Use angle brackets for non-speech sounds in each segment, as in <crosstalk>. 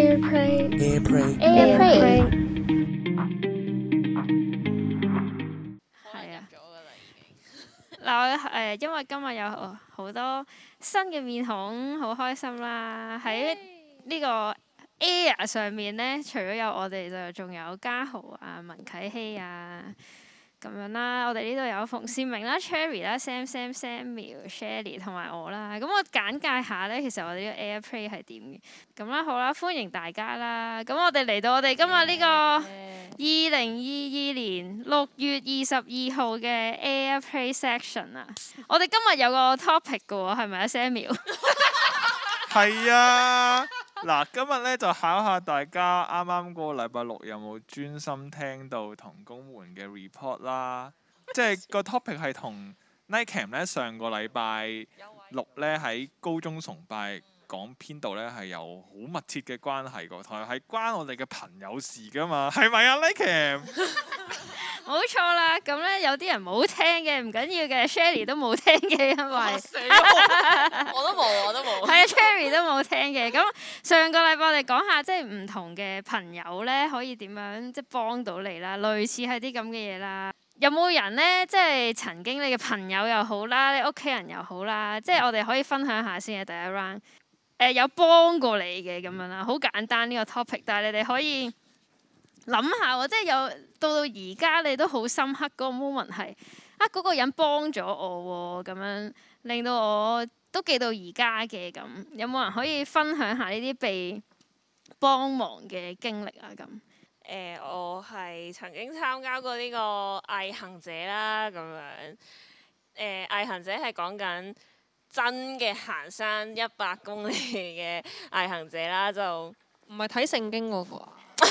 Airplay，Airplay，Airplay，係啊，嗱，誒，因為今日有好多新嘅面孔，好開心啦！喺呢個 Air 上面呢，除咗有我哋，就仲有嘉豪啊、文啟希啊。咁樣啦，我哋呢度有馮思明啦、Cherry 啦、Sam、Sam、Samuel、Shelley 同埋我啦。咁我簡介下呢，其實我哋呢個 AirPlay 係點嘅。咁啦，好啦，歡迎大家啦。咁我哋嚟到我哋今日呢個二零二二年六月二十二號嘅 AirPlay section 啦。 <laughs> 我哋今日有個 topic 嘅喎，係咪啊，Samuel？係啊。 <laughs> <laughs> 嗱，今日咧就考下大家，啱啱個禮拜六有冇專心聽到同工們嘅 report 啦， <laughs> 即係、個 topic 係同 <laughs> Nike 咧上個禮拜六咧喺高中崇拜， <laughs> 嗯講編度咧係有好密切嘅關係嘅，同埋係關我哋嘅朋友的事㗎嘛，係咪啊？Likeam，冇 <laughs> 錯啦。咁咧有啲人冇聽嘅，唔緊要嘅。Sherry 都冇聽嘅，因為我都冇，我都冇。係啊，Sherry 都冇聽嘅。咁上個禮拜我哋講下即係唔同嘅朋友咧，可以點樣即係幫到你啦，類似係啲咁嘅嘢啦。有冇人咧即係曾經你嘅朋友又好啦，你屋企人又好啦，即係我哋可以分享下先嘅第一 round。誒、呃、有幫過你嘅咁樣啦，好簡單呢個 topic，但係你哋可以諗下喎，即係有到到而家你都好深刻嗰個 moment 係啊嗰、嗰個人幫咗我喎，咁樣令到我都記到而家嘅咁，有冇人可以分享下呢啲被幫忙嘅經歷啊咁？誒、呃，我係曾經參加過呢個毅行者啦，咁樣誒，毅、呃、行者係講緊。真嘅行山一百公里嘅毅行者啦，就唔係睇聖經嗰個啊！ <laughs>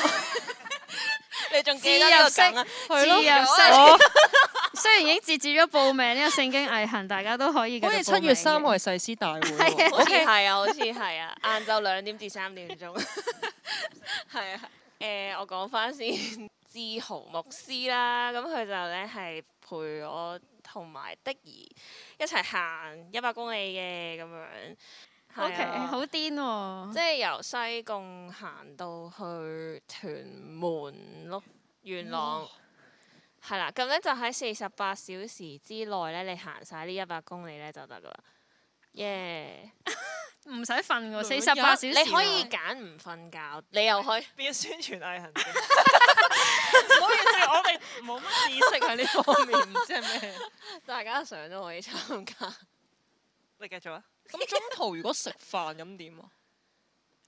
你仲記得個梗啊？去 <laughs> 對咯自！ <laughs> 我雖然已經截止咗報名呢、呢個聖經毅行，大家都可以 <laughs> 好似七月三號誓師大會、喔、 <laughs> ，OK 係啊，好似係啊，晏晝兩點至三點鐘，係 <laughs> 啊。誒、呃，我講翻先，志豪牧師啦，咁佢就咧係陪我。同埋的兒一齊行一百公里嘅咁樣，OK，好癲喎！嗯、即係由西貢行到去屯門咯，元朗係、哦、啦。咁咧就喺四十八小時之內咧，你行晒呢一百公里咧就得噶啦。耶、yeah，唔使瞓喎，四十八小時你可以揀唔瞓覺，你又去變宣傳毅行？ <laughs> 唔好意思，我哋冇乜知識喺呢方面，唔知係咩。大家想都可以參加。你繼續啊。咁中途如果食飯咁點啊？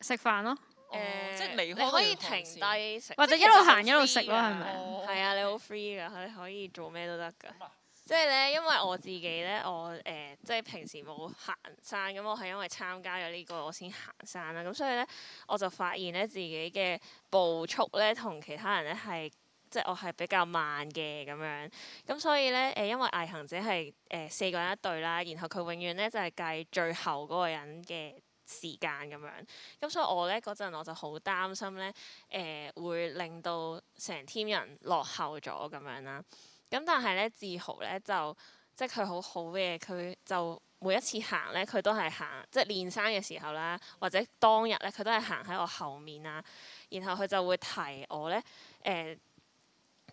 食飯咯。誒，即係離開。可以停低食，或者一路行一路食咯，係咪？係啊，你好 free 㗎，你可以做咩都得㗎。即係咧，因為我自己咧，我誒、呃、即係平時冇行山，咁我係因為參加咗呢、這個，我先行山啦、啊。咁所以咧，我就發現咧自己嘅步速咧同其他人咧係，即係我係比較慢嘅咁樣。咁所以咧誒、呃，因為毅行者係誒、呃、四個人一隊啦，然後佢永遠咧就係、是、計最後嗰個人嘅時間咁樣。咁所以我咧嗰陣我就好擔心咧誒、呃、會令到成 team 人落後咗咁樣啦。咁但係咧，志豪咧就即係佢好好嘅，佢就每一次行咧，佢都係行即係練山嘅時候啦，或者當日咧，佢都係行喺我後面啊。然後佢就會提我咧，誒、呃，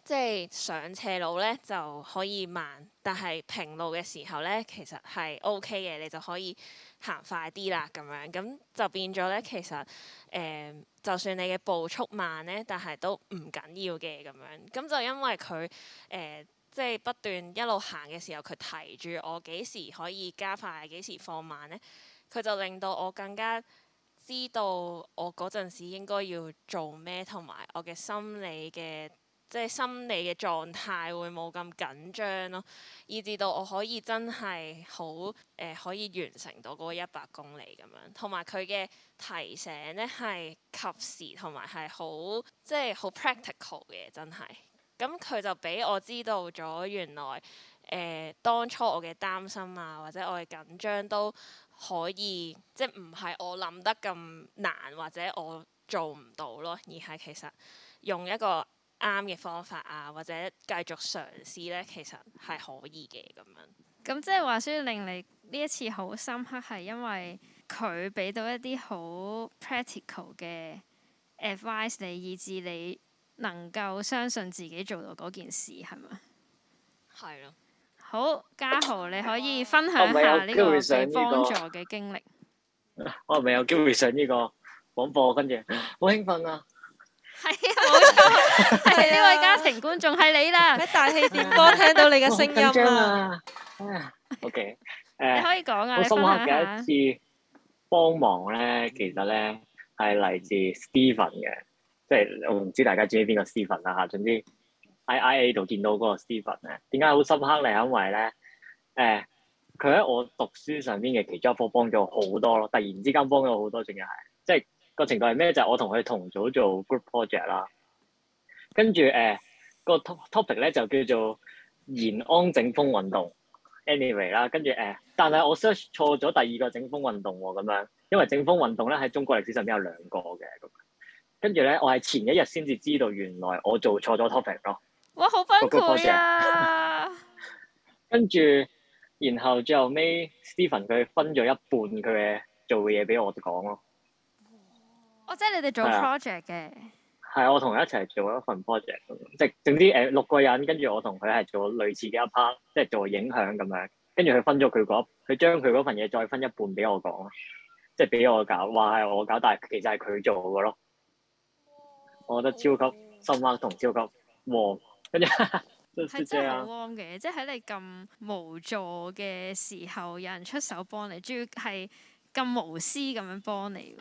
即係上斜路咧就可以慢，但係平路嘅時候咧，其實係 OK 嘅，你就可以。行快啲啦，咁樣咁就變咗呢。其實誒、呃，就算你嘅步速慢呢，但係都唔緊要嘅咁樣。咁就因為佢誒，即、呃、係、就係、不斷一路行嘅時候，佢提住我幾時可以加快，幾時放慢呢，佢就令到我更加知道我嗰陣時應該要做咩，同埋我嘅心理嘅。即係心理嘅狀態會冇咁緊張咯，以至到我可以真係好誒，可以完成到嗰一百公里咁樣。同埋佢嘅提醒咧係及時，同埋係好即係好 practical 嘅，真係。咁、嗯、佢就俾我知道咗，原來誒、呃、當初我嘅擔心啊，或者我嘅緊張都可以，即係唔係我諗得咁難，或者我做唔到咯，而係其實用一個。啱嘅方法啊，或者繼續嘗試呢，其實係可以嘅咁樣。咁即係話，所以令你呢一次好深刻，係因為佢俾到一啲好 practical 嘅 advice 你，以致你能夠相信自己做到嗰件事，係咪？係咯的。好，嘉豪，你可以分享下呢個嘅幫助嘅經歷。我係咪有機會上呢個廣播？跟住好興奮啊！係 <laughs> 啊，冇錯，係呢位家庭觀眾係 <laughs> 你啦，喺 <laughs> 大氣電波 <laughs> 聽到你嘅聲音啊。 <laughs> OK，誒、uh,，你可以講啊，我 <laughs> 好深刻嘅一次幫忙咧， <laughs> 其實咧係嚟自 Steven 嘅，即係我唔知大家知唔知邊個 Steven 啦吓。總之喺 I, I A 度見到嗰個 Steven 咧，點解好深刻咧？因為咧，誒、呃，佢喺我讀書上邊嘅其中一科幫咗好多咯，突然之間幫咗好多，仲要係即係。即個情況係咩？就係，我同佢同組做 group project 啦，跟住誒個 topic 咧就叫做延安整風運動，anyway 啦，跟住誒，但係我 search 錯咗第二個整風運動喎，咁樣，因為整風運動咧喺中國歷史上面有兩個嘅，咁，跟住咧我係前一日先至知道原來我做錯咗 topic 咯，哇，好分攰啊！個 project, <laughs> 跟住，然後最後尾 Stephen 佢分咗一半佢嘅做嘅嘢俾我哋講咯。哦，即係你哋做 project 嘅，係、啊、我同佢一齊做一份 project，即係總之誒、呃、六個人，跟住我同佢係做類似嘅一 part，即係做影響咁樣，跟住佢分咗佢嗰佢將佢嗰份嘢再分一半俾我講，即係俾我搞，話係我搞，但係其實係佢做嘅咯。哇我覺得超級深刻同超級 warm，跟住係真係好 warm 嘅，即係喺你咁無助嘅時候，有人出手幫你，仲要係咁無私咁樣幫你。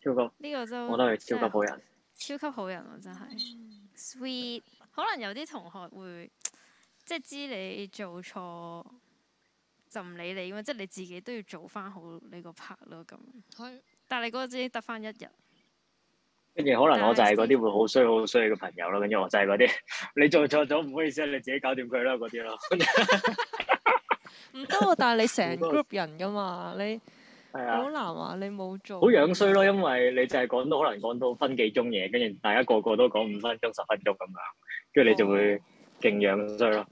超級，呢個真我都係超級好人，超級好人喎、啊、真係，sweet。可能有啲同學會即係知你做錯就唔理你咁，即係你自己都要做翻好你個 part 咯咁。但係你嗰日只得翻一日，跟住可能我就係嗰啲會好衰好衰嘅朋友咯。跟住我就係嗰啲，你做錯咗唔好意思，你自己搞掂佢啦嗰啲咯。唔得啊！但係你成 group 人噶嘛你。係啊，好難話，你冇做，好樣衰咯，因為你淨係講到可能講到分幾鐘嘢，跟住大家個個都講五分鐘、十分鐘咁樣，跟住你就會勁樣衰咯。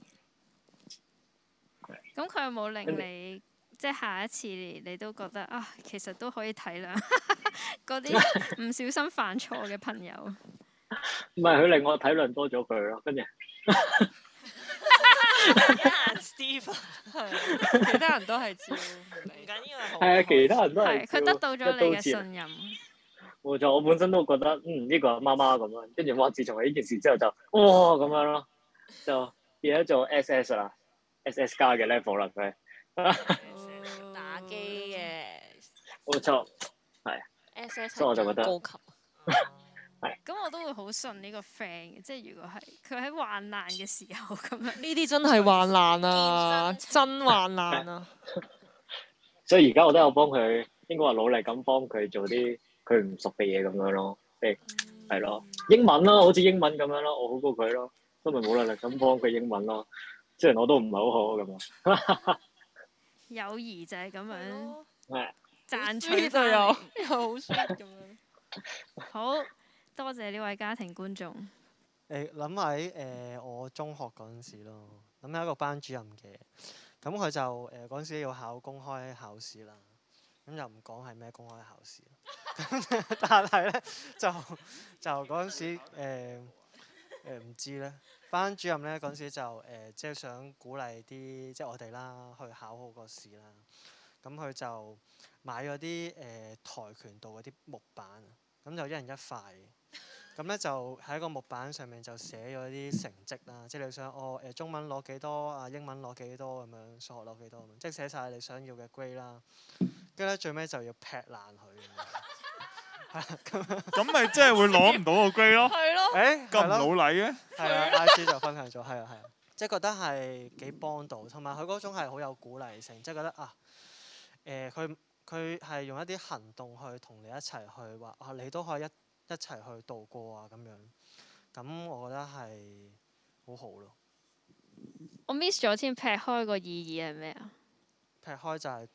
咁佢、哦、有冇令你、嗯、即係下一次你都覺得啊，其實都可以體諒嗰啲唔小心犯錯嘅朋友？唔係， <laughs> <laughs> 佢令我體諒多咗佢咯，跟住。 <laughs> 其他其他人都係照，唔緊要係。啊，其他人都係、er, 照。係，佢得到咗你嘅信任。冇錯，我本身都覺得嗯呢、這個阿媽媽咁樣，跟住我自從係呢件事之後就哇咁樣咯，就變咗做 SS 啦，SS 加嘅 level 啦佢、嗯、打機嘅。冇錯，係。SS，所以我就覺得高級。咁、嗯嗯、我都會好信呢個 friend，即係如果係佢喺患難嘅時候咁樣。呢啲真係患難啊，真患難啊！所以而家我都有幫佢，應該話努力咁幫佢做啲佢唔熟嘅嘢咁樣、嗯啊、樣咯，即係係咯英文咯，好似英文咁樣咯，我好過佢咯，都咪冇能力咁幫佢英文咯，雖然我都唔係好好咁啊。友誼就係咁樣，讚出嚟就有，又好熟咁樣。嗯、 <laughs> <laughs> 好了。多謝呢位家庭觀眾。誒諗喺誒我中學嗰陣時咯，諗有一個班主任嘅，咁佢就誒嗰陣時要考公開考試啦，咁又唔講係咩公開考試， <laughs> 但係咧就就嗰陣 <laughs> 時誒唔、 <laughs> 呃呃、知咧，班主任咧嗰陣時就誒即係想鼓勵啲即係我哋啦去考好個試啦，咁佢就買咗啲誒跆拳道嗰啲木板。咁就一人一塊，咁咧就喺個木板上面就寫咗啲成績啦，即係你想哦，誒、呃、中文攞幾多啊，英文攞幾多咁樣，數學攞幾多，即係寫晒你想要嘅 grade 啦。跟住咧最尾就要劈爛佢，係咁咪即係會攞唔到個 grade 咯？係 <laughs> 咯？誒咁唔努力嘅。係啊，I C 就分享咗，係啊係啊，即係覺得係幾幫到，同埋佢嗰種係好有鼓勵性，即係覺得啊，誒、呃、佢。佢係用一啲行動去同你一齊去話啊、喔，你都可以一一齊去度過啊咁樣，咁我覺得係好好咯。我 miss 咗先劈開個意義係咩啊？劈開就係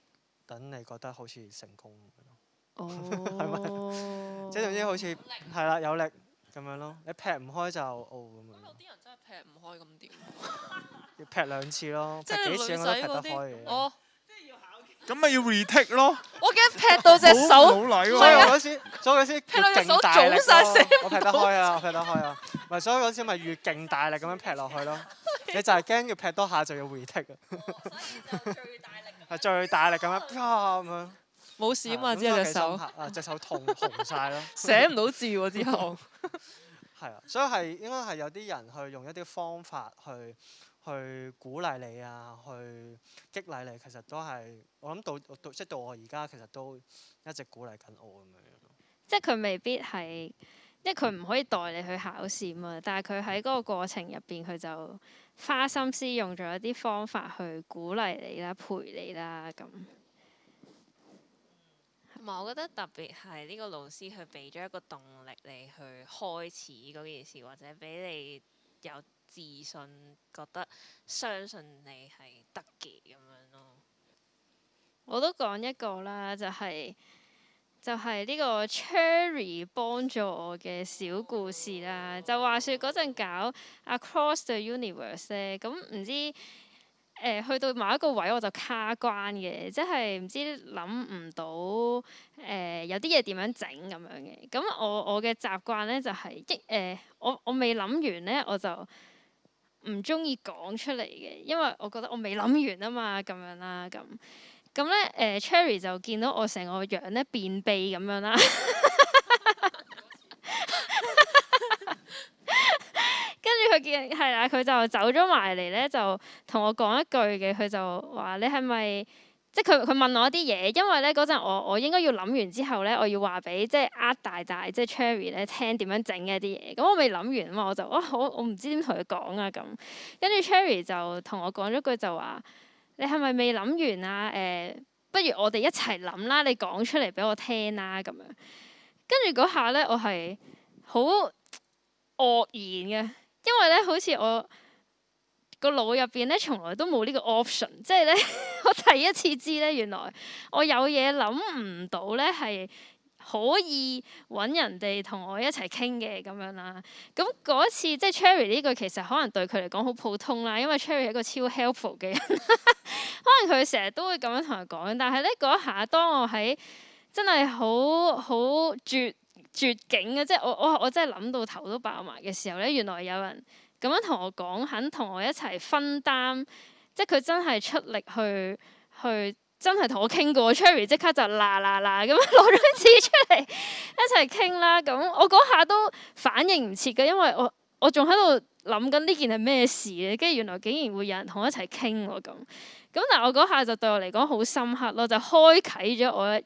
等你覺得好似成功咁樣咯。哦、oh。係咪？即係總之好似係啦，有力咁樣咯。你劈唔開就哦，咁 <laughs> 樣。有啲人真係劈唔開咁點？要劈兩次咯。劈幾次都劈得開嘅。我。咁咪要 retake 咯！我驚劈到隻手，唔係啊！所以嗰次劈到隻手腫晒死，我劈得開啊，劈得開啊！咪所以嗰次咪越勁大力咁樣劈落去咯。你就係驚要劈多下就要 retake 啊！係最大力咁樣，冇事啊嘛！之後隻手啊隻手痛紅晒咯，寫唔到字喎之後。係啊，所以係應該係有啲人去用一啲方法去。去鼓勵你啊，去激勵你，其實都係我諗到到，即到我而家，其實都一直鼓勵緊我咁樣。即係佢未必係，因為佢唔可以代你去考試嘛。但係佢喺嗰個過程入邊，佢就花心思用咗一啲方法去鼓勵你啦、陪你啦咁。唔係，我覺得特別係呢個老師，佢俾咗一個動力你去開始嗰件事，或者俾你有。自信，覺得相信你係得嘅咁樣咯。我都講一個啦，就係、係、就係、係、呢個 Cherry 幫助我嘅小故事啦。哦、就話説嗰陣搞 Across the Universe 咧，咁唔知、呃、去到某一個位我就卡關嘅，即係唔知諗唔到、呃、有啲嘢點樣整咁樣嘅。咁我我嘅習慣呢，就係一誒，我我未諗完呢，我就。唔中意講出嚟嘅，因為我覺得我未諗完啊嘛，咁樣啦，咁咁咧，誒、呃、Cherry 就見到我成個樣咧，便秘咁樣啦，跟住佢見，係啦，佢就走咗埋嚟咧，就同我講一句嘅，佢就話你係咪？即係佢佢問我啲嘢，因為咧嗰陣我我應該要諗完之後咧，我要話俾即係阿大大即係 Cherry 咧聽點樣整嘅一啲嘢。咁我未諗完嘛，我就哇、哦、我我唔知點同佢講啊咁。跟住 Cherry 就同我講咗句就話：你係咪未諗完啊？誒，不如我哋一齊諗啦，你講出嚟俾我聽啦、啊、咁樣。跟住嗰下咧，我係好愕然嘅，因為咧好似我。個腦入邊咧，從來都冇呢個 option，即係咧，我第一次知咧，原來我有嘢諗唔到咧，係可以搵人哋同我一齊傾嘅咁樣啦。咁嗰次即係 Cherry 呢句，其實可能對佢嚟講好普通啦，因為 Cherry 係一個超 helpful 嘅人， <laughs> 可能佢成日都會咁樣同佢講。但係咧嗰下，當我喺真係好好絕絕境嘅，即係我我我真係諗到頭都爆埋嘅時候咧，原來有人。咁樣同我講，肯同我一齊分擔，即係佢真係出力去去，真係同我傾過。 <music> Cherry 即刻就啦啦啦咁攞張紙出嚟一齊傾啦。咁、嗯、我嗰下都反應唔切嘅，因為我我仲喺度諗緊呢件係咩事咧。跟住原來竟然會有人同我一齊傾喎咁。咁、嗯、但係我嗰下就對我嚟講好深刻咯，就開啟咗我一。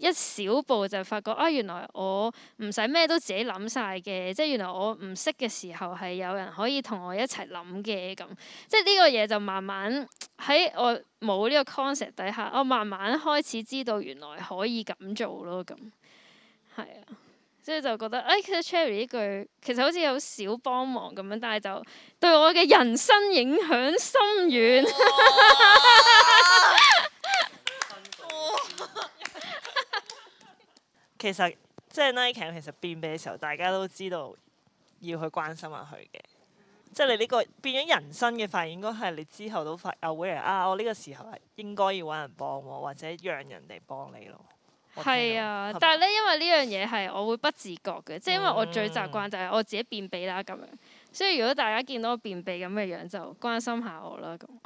一小步就發覺啊、哎，原來我唔使咩都自己諗晒嘅，即係原來我唔識嘅時候係有人可以同我一齊諗嘅咁，即係呢個嘢就慢慢喺我冇呢個 concept 底下，我慢慢開始知道原來可以咁做咯咁，係啊，即係就覺得、哎、其實，Cherry 呢句其實好似有少幫忙咁樣，但係就對我嘅人生影響深遠。哇 <laughs> 其實即係 Nike，其實便秘嘅時候，大家都知道要去關心下佢嘅。即係你呢個變咗人生嘅發現，應該係你之後都發啊，會人啊！我呢個時候係應該要揾人幫我，或者讓人哋幫你咯。係啊，吧但係咧，因為呢樣嘢係我會不自覺嘅，即係因為我最習慣就係我自己便秘啦咁、嗯、樣。所以如果大家見到我便秘咁嘅樣,樣，就關心下我啦。咁。 <laughs>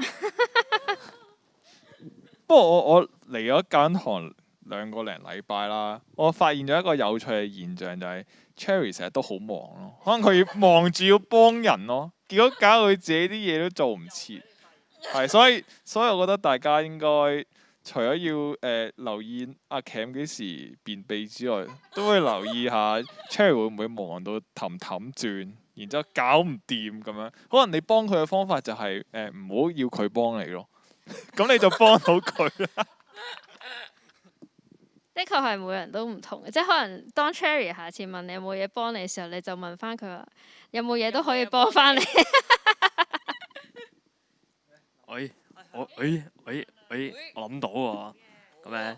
不過我我嚟咗間韓。兩個零禮拜啦，我發現咗一個有趣嘅現象，就係、是、Cherry 成日都好忙咯，可能佢要忙住要幫人咯，結果搞到佢自己啲嘢都做唔切，係所以所以，所以我覺得大家應該除咗要誒、呃、留意阿、啊、Cam 幾時便秘之外，都會留意下 Cherry 會唔會忙到氹氹轉，然之後搞唔掂咁樣。可能你幫佢嘅方法就係誒唔好要佢幫你咯，咁你就幫到佢啦。 <laughs> 的確係每人都唔同嘅，即係可能當 Cherry 下次問你有冇嘢幫你嘅時候，你就問翻佢話有冇嘢都可以幫翻你。喂、 <laughs> 哎哎哎哎，我，喂，喂，喂，我諗到喎。咁咧，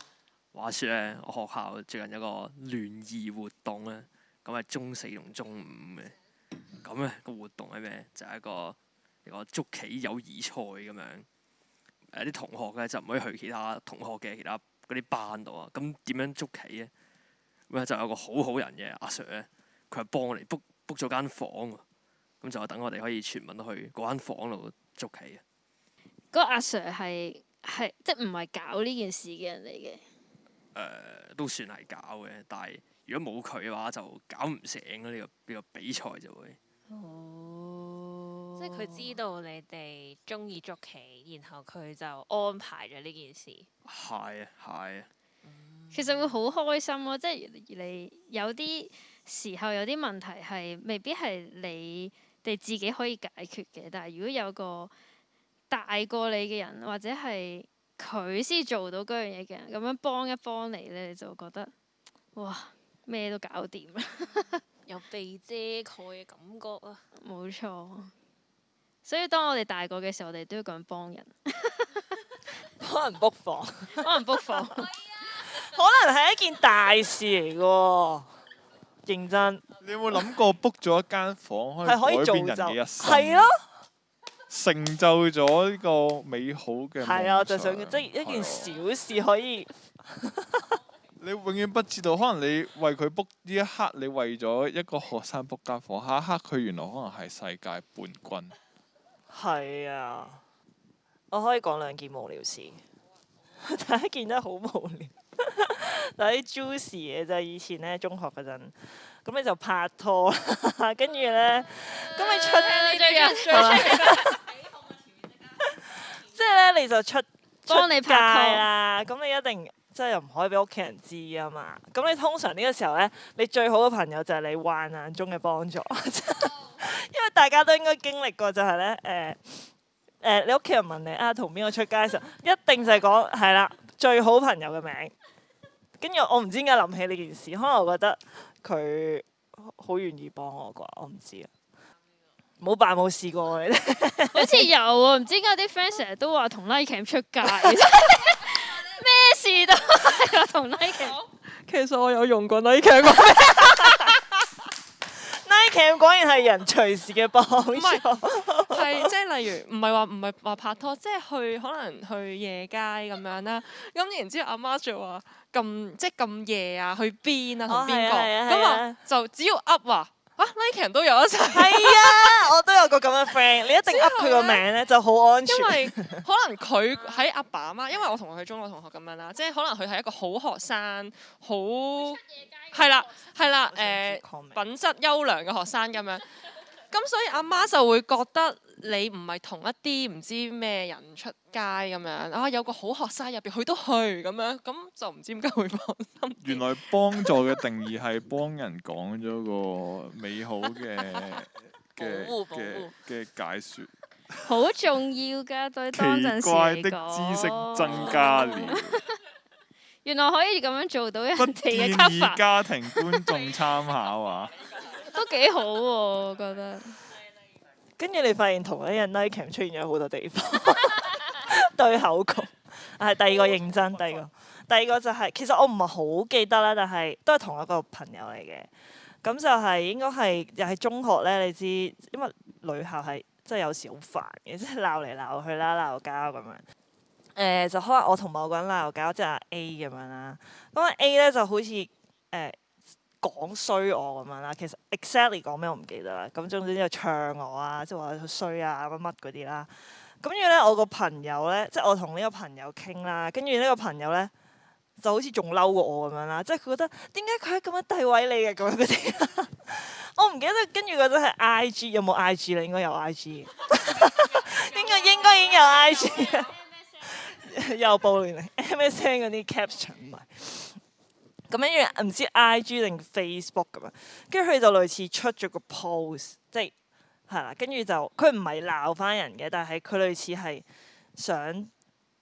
話説咧，我學校最近有個聯誼活動咧，咁係中四同中五嘅。咁咧個活動係咩？就係、是、一個一個捉棋友誼賽咁樣。誒啲同學咧就唔可以去其他同學嘅其他。嗰啲班度啊，咁點樣捉棋咧？咁啊就有個好好人嘅阿 sir 咧，佢幫我哋 book book 咗間房，咁就等我哋可以全民去嗰間房度捉棋啊！嗰阿 sir 係係即係唔係搞呢件事嘅人嚟嘅？誒、呃，都算係搞嘅，但係如果冇佢嘅話，就搞唔成。呢、呢個呢、呢個比賽就會。哦。即係佢知道你哋中意捉棋，然後佢就安排咗呢件事。係啊，係啊，嗯，啊。其實會好開心咯！即係你有啲時候有啲問題係未必係你哋自己可以解決嘅，但係如果有個大過你嘅人，或者係佢先做到嗰樣嘢嘅人，咁樣幫一幫你咧，你就覺得哇，咩都搞掂啦，有被遮蓋嘅感覺啊！冇錯。所以當我哋大個嘅時候，我哋都要咁幫人。可能 book 房，可能 book 房，可能係一件大事嚟嘅。認真。你有冇諗過 book 咗一間房可以改變人嘅一生？係咯。 <laughs> 成就咗呢個美好嘅夢想。係、啊、就想即係、就係、一件小事可以。 <laughs> <laughs> 你永遠不知道，可能你為佢 book 呢一刻，你為咗一個學生 book 間房，下一刻佢原來可能係世界冠軍。係啊，我可以講兩件無聊事，啊啊、 <laughs> 第一件真好無聊，嗱 <laughs> 啲 juicy 嘅啫。以前咧中學嗰陣，咁你就拍拖啦，跟住咧，咁你出你、呃、最緊要，即係咧你就出你拍出街啦。咁你一定即係又唔可以俾屋企人知啊嘛。咁你通常呢個時候咧，你最好嘅朋友就係你患難中嘅幫助。 <laughs> 嗯因為大家都應該經歷過就係、是、咧，誒、呃、誒、呃，你屋企人問你啊同邊個出街時候， <laughs> 一定就係講係啦，最好朋友嘅名。跟住我唔知點解諗起呢件事，可能我覺得佢好願意幫我啩，我唔知啊。冇辦冇試過嘅，你好似有啊，唔 <laughs> 知點解啲 friend 成日都話同 Nike 出街，咩事，都同 Nike。好 <laughs> 其實我有用過 Nike 嘅。 <laughs> <laughs> cam 果然係人隨時嘅幫助， <laughs> 唔係係即係例如，唔係話唔係話拍拖，即係去可能去夜街咁樣啦。咁 <laughs> 然之後阿媽媽就話：咁即係咁夜啊，去邊啊，同邊個？咁啊，啊啊啊就啊只要 up 啊！啊，呢啲人都有一齊。係 <laughs> 啊，我都有個咁嘅 friend，你一定噏佢個名咧 <laughs> 就好安全。 <laughs> 因為可能佢喺阿爸阿媽，媽，因為我同佢中學同學咁樣啦，即係可能佢係一個好學生，好係啦係啦，誒、呃、品質優良嘅學生咁樣。咁 <laughs> 所以阿媽，媽就會覺得。你唔係同一啲唔知咩人出街咁樣啊？有個好學生入邊，佢都去咁樣，咁就唔知點解會放心。原來幫助嘅定義係幫人講咗個美好嘅嘅嘅解説，好重要㗎！對當陣時奇怪的知識增加了， <laughs> 原來可以咁樣做到一期嘅測驗。 <laughs> 家庭觀眾參考啊， <laughs> 都幾好喎，我覺得。跟住你發現同一日 Nike 出現咗好多地方， <laughs> <laughs> 對口共，係第二個認真，第二個，第二個就係、是、其實我唔係好記得啦，但係都係同一個朋友嚟嘅。咁就係應該係又係中學咧，你知因為女校係即係有時好煩嘅，即係鬧嚟鬧去啦，鬧交咁樣。誒、呃，就可能我同某個人鬧交，即係阿 A 咁樣啦。咁阿 A 咧就好似誒。呃講衰我咁樣啦，其實 exactly 講咩我唔記得啦。咁總之咧唱我啊，即係話佢衰啊乜乜嗰啲啦。咁跟住咧，我，朋呢我個朋友咧，即係我同呢個朋友傾啦。跟住呢個朋友咧，就好似仲嬲過我咁樣啦。即係佢覺得點解佢係咁樣地位你嘅咁嗰啲。樣 <laughs> 我唔記得。跟住嗰陣係 IG 有冇 IG 啦，應該有 IG。 <laughs> 應該應該已經有 IG 又 <laughs> 暴亂嚟。MSN 嗰啲 caption 唔係。咁跟住唔知 IG 定 Facebook 咁啊，跟住佢就類似出咗個 post 即係係啦。跟住就佢唔係鬧翻人嘅，但係佢類似係想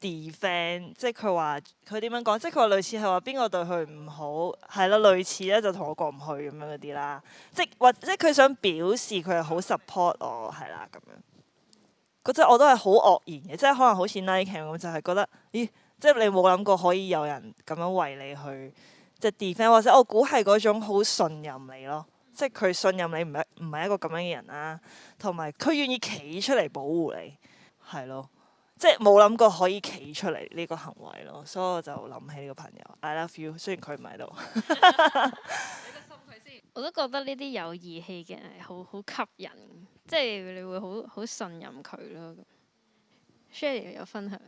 defend，即係佢話佢點樣講，即係佢話類似係話邊個對佢唔好係咯，類似咧就同我過唔去咁樣嗰啲啦。即係或者佢想表示佢係好 support 我係啦咁樣嗰陣，覺得我都係好愕然嘅，即係可能好似 Nike 咁就係、是、覺得咦，即係你冇諗過可以有人咁樣為你去。即係 defend，或者我估係嗰種好信任你咯，即係佢信任你唔一唔係一個咁樣嘅人啦、啊，同埋佢願意企出嚟保護你，係咯，即係冇諗過可以企出嚟呢個行為咯，所以我就諗起呢個朋友，I love you，雖然佢唔喺度， <laughs> <laughs> 我都覺得呢啲有義氣嘅人係好好吸引，即、就、係、是、你會好好信任佢咯。Sherry 有分享，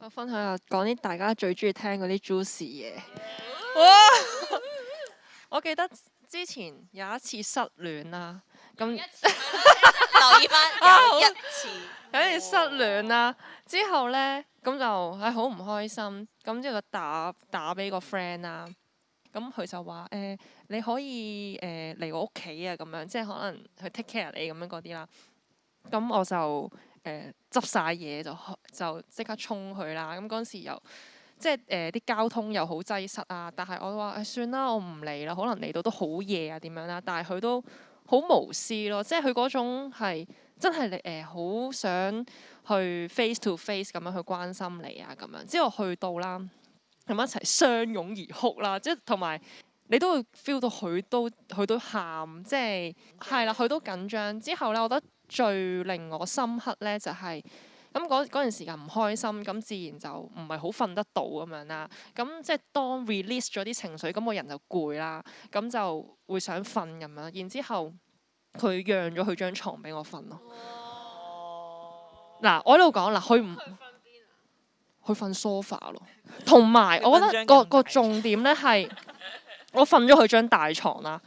我分享下講啲大家最中意聽嗰啲 juicy 嘢。Yeah. 哇！ <laughs> 我記得之前有一次失戀啦，咁 <laughs> <laughs> 留意翻有一次，有一次失戀啦。之後咧咁就係好唔開心，咁之後就打打俾個 friend 啦。咁佢就話：誒、呃，你可以誒嚟、呃、我屋企啊，咁樣即係可能去 take care 你咁樣嗰啲啦。咁我就誒執晒嘢就就即刻衝去啦。咁嗰陣時又～即係誒啲交通又好擠塞啊，但係我話誒、哎、算啦，我唔嚟啦，可能嚟到都好夜啊點樣啦、啊？但係佢都好無私咯，即係佢嗰種係真係你誒好想去 face to face 咁樣去關心你啊咁樣。之後去到啦，咁一齊相擁而哭啦，即係同埋你都會 feel 到佢都佢都喊，即係係啦，佢都緊張。之後咧，我覺得最令我深刻咧就係、是。咁嗰段時間唔開心，咁自然就唔係好瞓得到咁樣啦。咁即係當 release 咗啲情緒，咁個人就攰啦，咁就會想瞓咁樣。然之後佢讓咗佢張床俾我瞓咯。嗱哇，我喺度講嗱，佢唔佢瞓 sofa 咯。同埋 <laughs> 我覺得個個重點咧係我瞓咗佢張大床啦。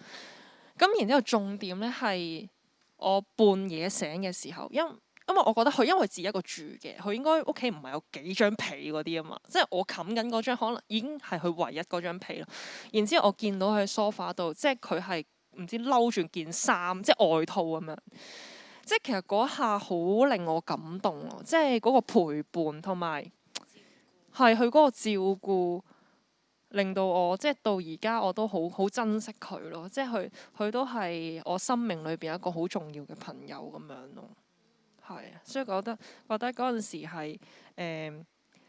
咁然之後重點咧係我半夜醒嘅時候，因為因為我覺得佢因為自己一個住嘅，佢應該屋企唔係有幾張被嗰啲啊嘛，即係我冚緊嗰張可能已經係佢唯一嗰張被咯。然之後我見到佢梳化度，即係佢係唔知摟住件衫，即係外套咁樣。即係其實嗰下好令我感動咯，啊，即係嗰個陪伴同埋係佢嗰個照顧，令到我即係到而家我都好好珍惜佢咯。即係佢佢都係我生命裏邊一個好重要嘅朋友咁樣咯。係啊，所以覺得覺得嗰陣時係、呃、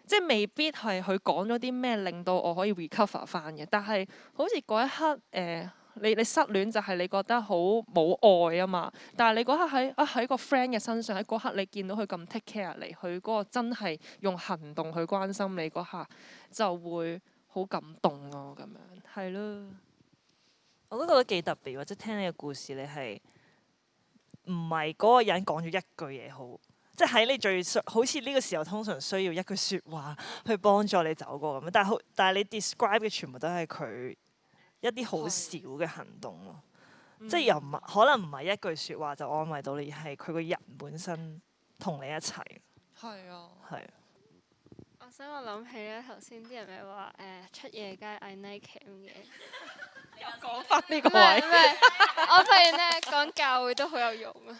即係未必係佢講咗啲咩令到我可以 recover 翻嘅。但係好似嗰一刻誒、呃，你你失戀就係你覺得好冇愛啊嘛。但係你嗰刻喺啊喺個 friend 嘅身上，喺嗰刻你見到佢咁 take care 你，佢嗰個真係用行動去關心你嗰下，就會好感動咯。咁樣係咯，我都覺得幾特別。或者聽你嘅故事，你係。唔係嗰個人講咗一句嘢好，即係喺你最需，好似呢個時候通常需要一句説話去幫助你走過咁樣。但係好，但係你 describe 嘅全部都係佢一啲好小嘅行動咯，的嗯、即係又唔係可能唔係一句説話就安慰到你，係佢個人本身同你一齊。係啊，係。我想我諗起咧，頭先啲人咪話誒出夜街嗌 Nike 嘅。 <laughs> 講翻呢個位， <laughs> 我發現咧講教會都好有用啊。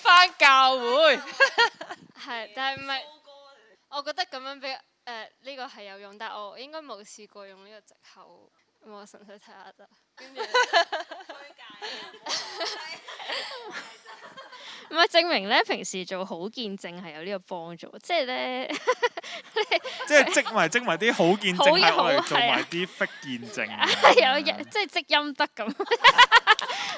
翻 <laughs> 教會係， <laughs> <laughs> 但係唔係？我覺得咁樣比較呢、呃呢個係有用，但係我應該冇試過用呢個藉口。我純粹睇下得，唔係 <laughs> 證明咧平時做好見證係有呢個幫助，即係咧，即係積埋積埋啲好見證，可以做埋啲 fake 見證，係、 <laughs> 啊、有 <laughs> 音 <laughs> 即係積陰德咁。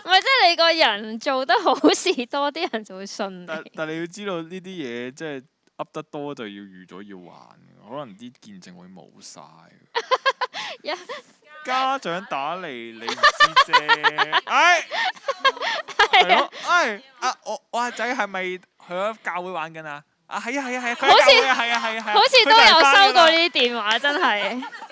唔係即係你個人做得好事多，啲人就會信你。但係你要知道呢啲嘢，即係噏得多就要預咗要還，可能啲見證會冇晒。 <laughs> <music> 家長打嚟，你唔知啫。 <laughs> 哎，係咯、 <laughs> 啊， <laughs> 哎，阿、啊、我我仔係咪去咗教會玩緊 <laughs> 啊？啊，係啊，係啊，係像啊，係啊，係啊，係啊好像，好似都有收過呢啲電話，真係。 <laughs>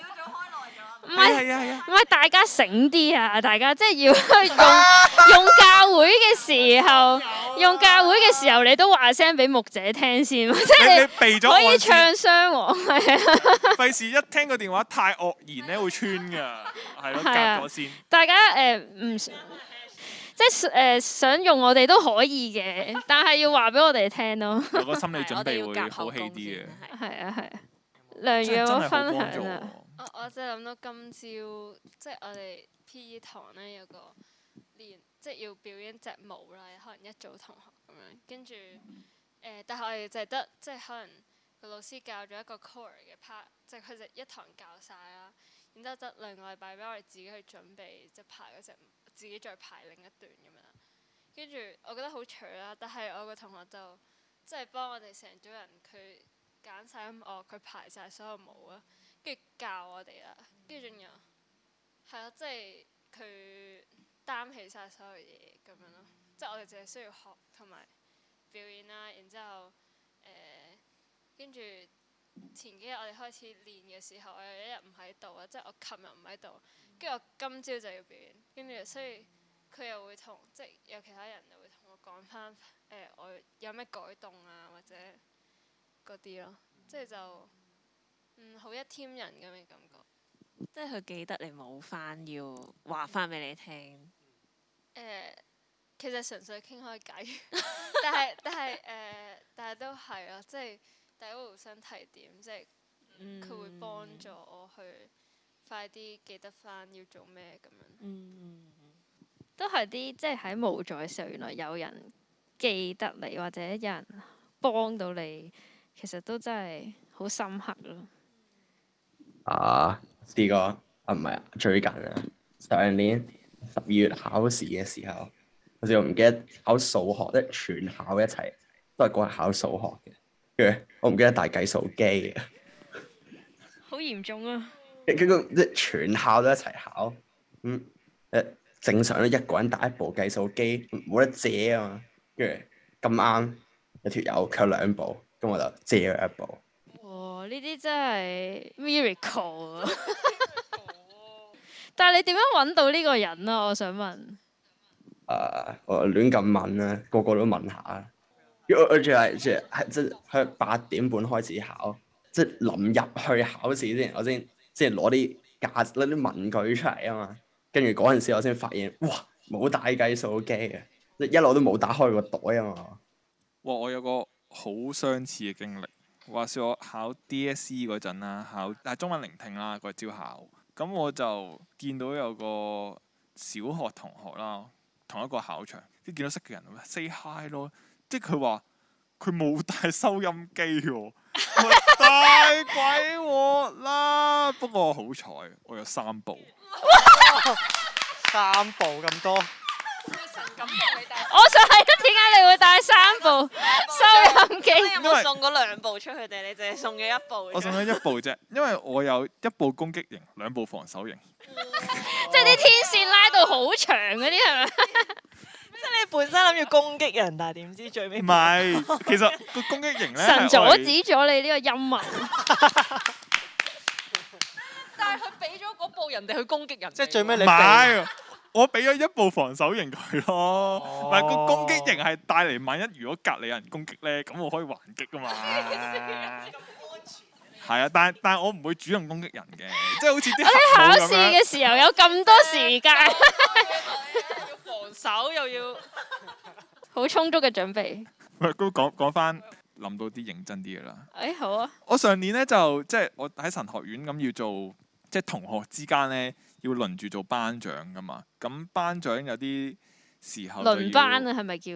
唔係，唔係大家醒啲啊！大家即係要去用用教會嘅時候，用教會嘅時候，你都話聲俾牧者聽先，即係避咗可以唱雙簧，係啊！費事一聽個電話太惡言咧，會穿噶，係咯，隔咗先。大家誒唔即係誒想用我哋都可以嘅，但係要話俾我哋聽咯。我個心理準備會好希啲嘅。係啊係，梁月娥分享啊！我我真係諗到今朝，即、就、係、是、我哋 P.E. 堂咧有個練，即、就、係、是、要表演隻舞啦，可能一組同學咁樣，跟住誒，但係我哋就係得即係、就是、可能個老師教咗一個 core 嘅 part，即係佢就，就一堂教晒啦。然之後得兩個禮拜俾我哋自己去準備只、就是、排嗰隻，自己再排另一段咁樣。跟住我覺得好除啦，但係我個同學就即係、就是、幫我哋成組人，佢揀晒音樂，佢排晒所有舞啊。跟住教我哋啦，跟住仲有，係咯、就是，即係佢擔起曬所有嘢咁樣咯。即係我哋淨係需要學同埋表演啦。然之後，誒跟住前幾日我哋開始練嘅時候，我有一日唔喺度啊，即係我琴日唔喺度。跟住我今朝就要表演，跟住所以佢又會同即係有其他人就會同我講翻誒我有咩改動啊或者嗰啲咯，即係就。嗯，好一 team 人咁嘅感覺，即係佢記得你冇翻要話翻俾你聽。誒、嗯嗯呃，其實純粹傾開偈，但係但係誒，但係都係啊，即係大家會互相提點，即係佢會幫助我去快啲記得翻要做咩咁樣。嗯嗯嗯、都係啲即係喺無助嘅時候，原來有人記得你或者有人幫到你，其實都真係好深刻咯。啊，呢個，啊，唔係最近啊，上年十二月考試嘅時候，好似我唔記得考數學，即係全校一齊，都係嗰日考數學嘅，跟住我唔記得帶計數機，好 <laughs> 嚴重啊！跟住即係全校都一齊考，嗯，誒，正常咧，一個人帶一部計數機，冇得借啊嘛，跟住咁啱有條友佢有兩部，咁我就借咗一部。呢啲真係 miracle， <laughs> 但係你點樣揾到呢個人呢，啊？我想問。啊，我亂咁問啊，個個都問下。我我仲係即係八點半開始考，即係臨入去考試之前，我先即係攞啲假攞啲文具出嚟啊嘛。跟住嗰陣時，我先發現哇，冇帶計數機嘅，即一路都冇打開個袋啊嘛。哇！我有個好相似嘅經歷。話説我考 DSE 嗰陣啦，考但係中文聆聽啦，嗰朝早考，咁我就見到有個小學同學啦，同一個考場，即見到識嘅人咁樣，say hi 咯，即佢話佢冇帶收音機喎，太鬼喎啦！ <laughs> 不過好彩，我有三部， <laughs> 三部咁多。我想係點解你會帶三部收音機？有冇送兩部出去哋，你淨係送咗一部？我送咗一部啫，因為我有一部攻擊型，兩部防守型。即係啲天線拉到好長嗰啲係咪？即係你本身諗住攻擊人，但係點知最尾唔係。其實個攻擊型咧神阻止咗你呢個陰謀。但係佢俾咗嗰部人哋去攻擊人。即係最尾你買。我俾咗一部防守型佢咯，哦、但係個攻擊型係帶嚟，萬一如果隔籬有人攻擊咧，咁我可以還擊啊嘛。係 <laughs> 啊，但係但係我唔會主動攻擊人嘅， <laughs> 即係好似啲黑我喺考試嘅時候有咁多時間，要防守又要好 <laughs> 充足嘅準備。喂，都講講翻諗到啲認真啲嘅啦。誒、哎，好啊。我上年咧就即係我喺神學院咁要做，即係同學之間咧。要輪住做班長噶嘛？咁班長有啲時候輪班啊，係咪叫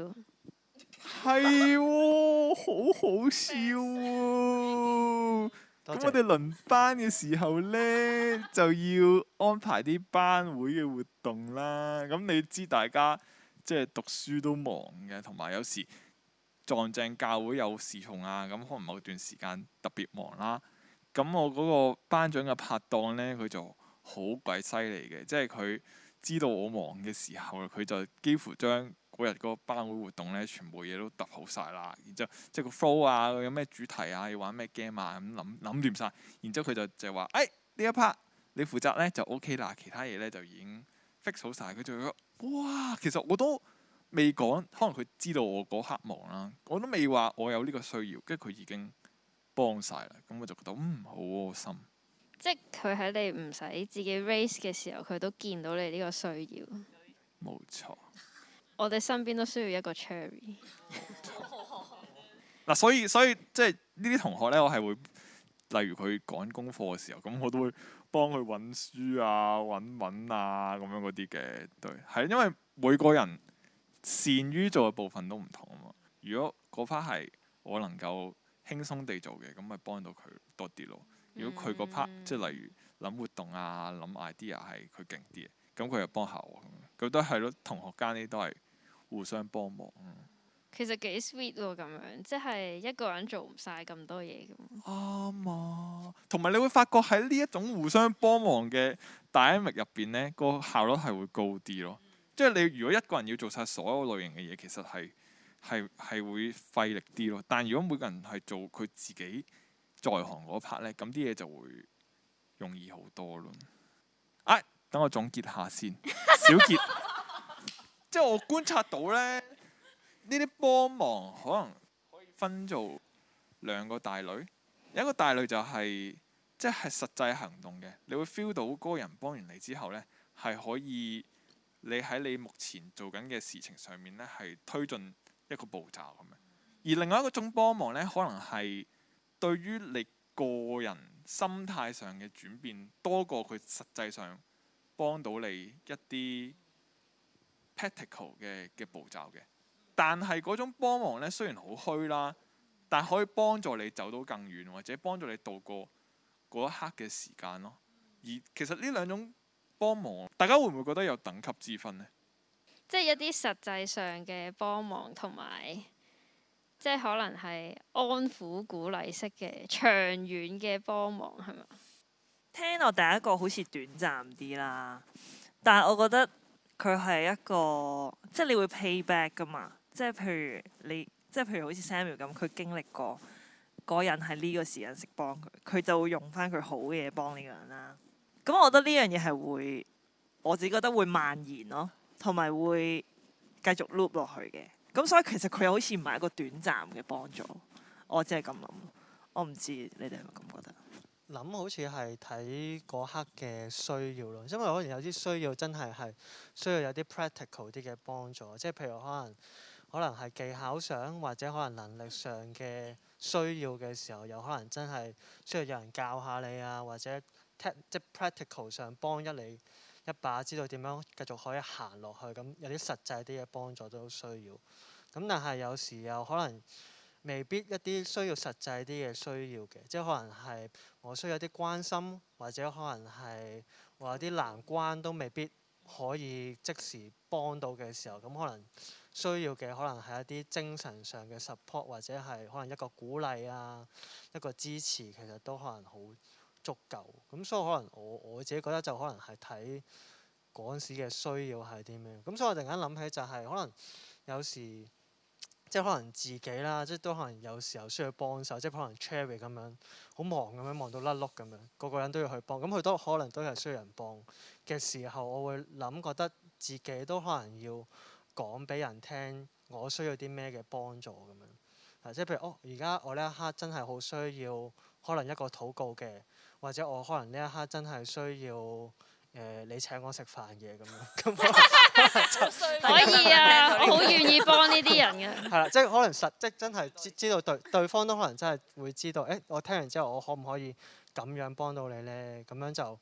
係喎、 <laughs> 哦？好好笑喎咁、哦、謝我哋輪班嘅時候呢，就要安排啲班會嘅活動啦。咁你知大家即係讀書都忙嘅，同埋有，有時撞正教會有事從啊，咁可能某段時間特別忙啦。咁我嗰個班長嘅拍檔呢，佢就～好鬼犀利嘅，即係佢知道我忙嘅時候，佢就幾乎將嗰日嗰個班會活動咧，全部嘢都揼好晒啦。然之後，即係個 flow 啊，有咩主題啊，要玩咩 game 啊，咁諗諗掂晒。然之後佢就就話，誒、哎、呢一 part 你負責咧，就 OK 啦。其他嘢咧就已經 fix 好晒。佢就會覺得，哇，其實我都未講，可能佢知道我嗰刻忙啦。我都未話我有呢個需要，跟住佢已經幫晒啦。咁我就覺得，嗯，好窩心。即係佢喺你唔使自己 race 嘅時候，佢都見到你呢個需要。冇錯。我哋身邊都需要一個 cherry。嗱，所以所以即係呢啲同學咧，我係會例如佢趕功課嘅時候，咁我都會幫佢揾書啊、揾文啊咁樣嗰啲嘅，對，係因為每個人善於做嘅部分都唔同啊嘛。如果嗰 part 係我能夠輕鬆地做嘅，咁咪幫到佢多啲咯。如果佢個 part、嗯、即係例如諗活動啊、諗 idea 係佢勁啲嘅，咁佢又幫下我，咁都係咯。同學間呢都係互相幫忙。其實幾 sweet 喎，咁樣即係一個人做唔晒咁多嘢咁。啱啊！同埋你會發覺喺呢一種互相幫忙嘅 dynamic 入邊呢，個效率係會高啲咯。嗯、即係你如果一個人要做晒所有類型嘅嘢，其實係係係會費力啲咯。但如果每個人係做佢自己在行嗰 part 呢，咁啲嘢就會容易好多咯。哎，等我總結下先，小結， <laughs> 即係我觀察到咧，呢啲幫忙可能分做兩個大類，有一個大類就係即係實際行動嘅，你會 feel 到嗰個人幫完你之後呢，係可以你喺你目前做緊嘅事情上面呢，係推進一個步驟咁樣；而另外一個種幫忙呢，可能係。對於你個人心態上嘅轉變多過佢實際上幫到你一啲 practical 嘅嘅步驟嘅，但係嗰種幫忙呢，雖然好虛啦，但可以幫助你走到更遠，或者幫助你度過嗰一刻嘅時間咯。而其實呢兩種幫忙，大家會唔會覺得有等級之分呢？即係一啲實際上嘅幫忙同埋。即係可能係安撫鼓勵式嘅長遠嘅幫忙係咪？聽落第一個好似短暫啲啦，但係我覺得佢係一個即係你會 pay back 噶嘛，即係譬如你即係譬如好似 Samuel 咁，佢經歷過嗰人係呢個時間識幫佢，佢就會用翻佢好嘢幫呢個人啦。咁我覺得呢樣嘢係會，我自己覺得會蔓延咯，同埋會繼續 loop 落去嘅。咁所以其實佢又好似唔係一個短暫嘅幫助，我只係咁諗，我唔知你哋係咪咁覺得？諗好似係睇嗰刻嘅需要咯，因為可能有啲需要真係係需要有啲 practical 啲嘅幫助，即係譬如可能可能係技巧上或者可能能力上嘅需要嘅時候，又可能真係需要有人教下你啊，或者即 practical 上幫一你。一把知道點樣繼續可以行落去，咁有啲實際啲嘅幫助都需要。咁但係有時又可能未必一啲需要實際啲嘅需要嘅，即係可能係我需要一啲關心，或者可能係我有啲難關都未必可以即時幫到嘅時候，咁可能需要嘅可能係一啲精神上嘅 support，或者係可能一個鼓勵啊，一個支持，其實都可能好。足夠咁，所以可能我我自己覺得就可能係睇嗰陣時嘅需要係啲咩咁。所以我突然間諗起就係可能有時即係可能自己啦，即係都可能有時候需要幫手，即係可能 Cherry 咁樣好忙咁樣忙到甩碌咁樣，個個人都要去幫咁。佢都可能都係需要人幫嘅時候，我會諗覺得自己都可能要講俾人聽，我需要啲咩嘅幫助咁樣，即係譬如哦，而家我呢一刻真係好需要可能一個禱告嘅。或者我可能呢一刻真係需要誒、呃、你請我食飯嘅咁樣，咁我可以啊， <laughs> 我好願意幫呢啲人嘅。係啦， <laughs> <laughs> 即係可能實即真係知知道對對方都可能真係會知道，誒、欸、我聽完之後我可唔可以咁樣幫到你咧？咁樣就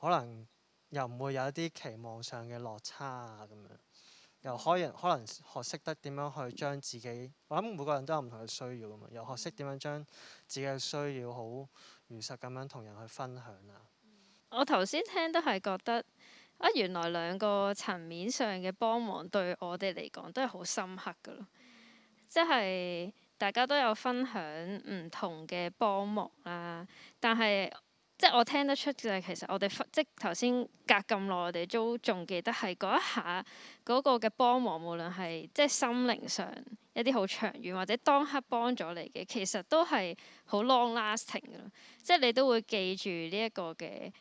可能又唔會有一啲期望上嘅落差啊咁樣，咁樣，又可以可能學識得點樣去將自己，我諗每個人都有唔同嘅需要噶嘛，又學識點樣將自己嘅 <noise> <noise> 需要好。如實咁樣同人去分享啦。我頭先聽都係覺得，啊，原來兩個層面上嘅幫忙對我哋嚟講都係好深刻噶咯，即係大家都有分享唔同嘅幫忙啦、啊，但係。即係我聽得出就係，其實我哋即係頭先隔咁耐，我哋都仲記得係嗰一下嗰個嘅幫忙，無論係即係心靈上一啲好長遠，或者當刻幫咗你嘅，其實都係好 long lasting 嘅。即係你都會記住呢一個嘅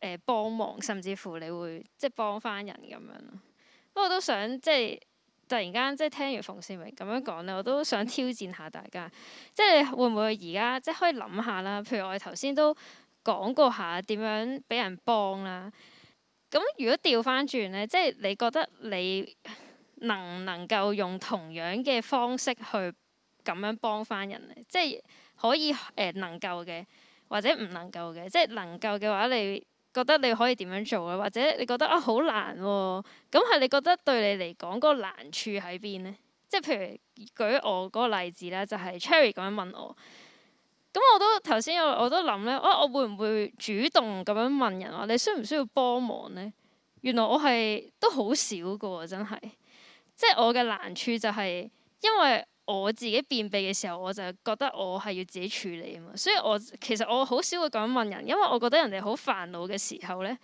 誒幫忙，甚至乎你會即係幫翻人咁樣咯。不過都想即係突然間即係聽完馮思明咁樣講咧，我都想挑戰下大家，即係會唔會而家即係可以諗下啦？譬如我哋頭先都。講過下點樣俾人幫啦，咁如果調翻轉呢？即係你覺得你能唔能夠用同樣嘅方式去咁樣幫翻人呢？即係可以誒、呃、能夠嘅，或者唔能夠嘅，即係能夠嘅話，你覺得你可以點樣做呀？或者你覺得啊好難喎、哦，咁係你覺得對你嚟講嗰個難處喺邊呢？即係譬如舉我嗰個例子啦，就係、是、Cherry 咁樣問我。咁我都頭先我我都諗咧、啊，我我會唔會主動咁樣問人話、啊、你需唔需要幫忙咧？原來我係都好少嘅喎，真係。即係我嘅難處就係、係，因為我自己便秘嘅時候，我就係覺得我係要自己處理啊嘛，所以我其實我好少會咁樣問人，因為我覺得人哋好煩惱嘅時候咧，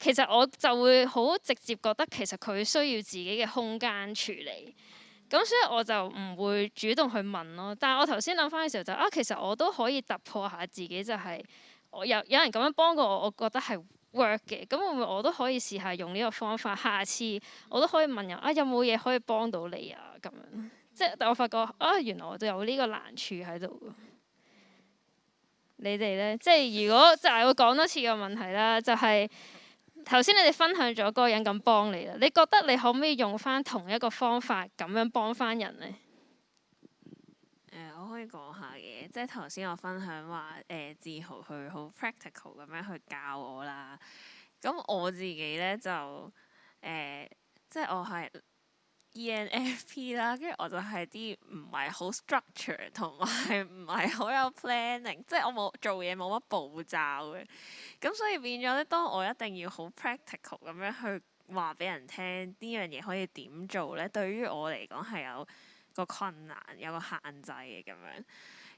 其實我就會好直接覺得其實佢需要自己嘅空間處理。咁所以我就唔會主動去問咯。但係我頭先諗翻嘅時候就啊，其實我都可以突破下自己、就是，就係我有有人咁樣幫過我，我覺得係 work 嘅。咁會唔會我都可以試下用呢個方法？下次我都可以問人啊，有冇嘢可以幫到你啊？咁樣即係，但我發覺啊，原來我都有呢個難處喺度。你哋呢，即係如果就係、是、我講多次個問題啦，就係、是。頭先你哋分享咗嗰個人咁幫你啦，你覺得你可唔可以用翻同一個方法咁樣幫翻人呢、呃？我可以講下嘅，即係頭先我分享話誒，志、呃、豪佢好 practical 咁樣去教我啦。咁我自己呢，就、呃、即係我係。ENFP 啦，跟住我就係啲唔係好 structure 同埋唔係好有，有 planning，即係我冇做嘢冇乜步驟嘅。咁所以變咗咧，當我一定要好 practical 咁樣去話俾人聽呢樣嘢可以點做咧，對於我嚟講係有個困難，有個限制嘅咁樣。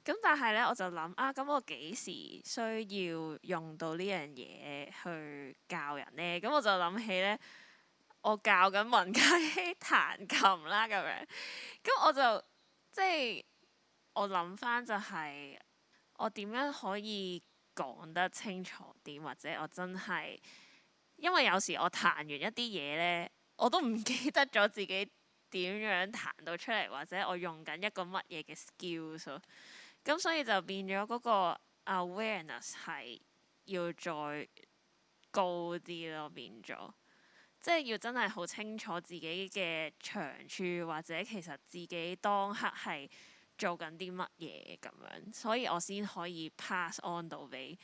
咁但係咧，我就諗啊，咁我幾時需要用到呢樣嘢去教人咧？咁我就諗起咧。我教緊文嘉希彈琴啦，咁樣，咁我就即係我諗翻就係我點樣可以講得清楚啲，或者我真係因為有時我彈完一啲嘢呢，我都唔記得咗自己點樣彈到出嚟，或者我用緊一個乜嘢嘅 skills，咁所以就變咗嗰個 awareness 係要再高啲咯，變咗。即係要真係好清楚自己嘅長處，或者其實自己當刻係做緊啲乜嘢咁樣，所以我先可以 pass on 到俾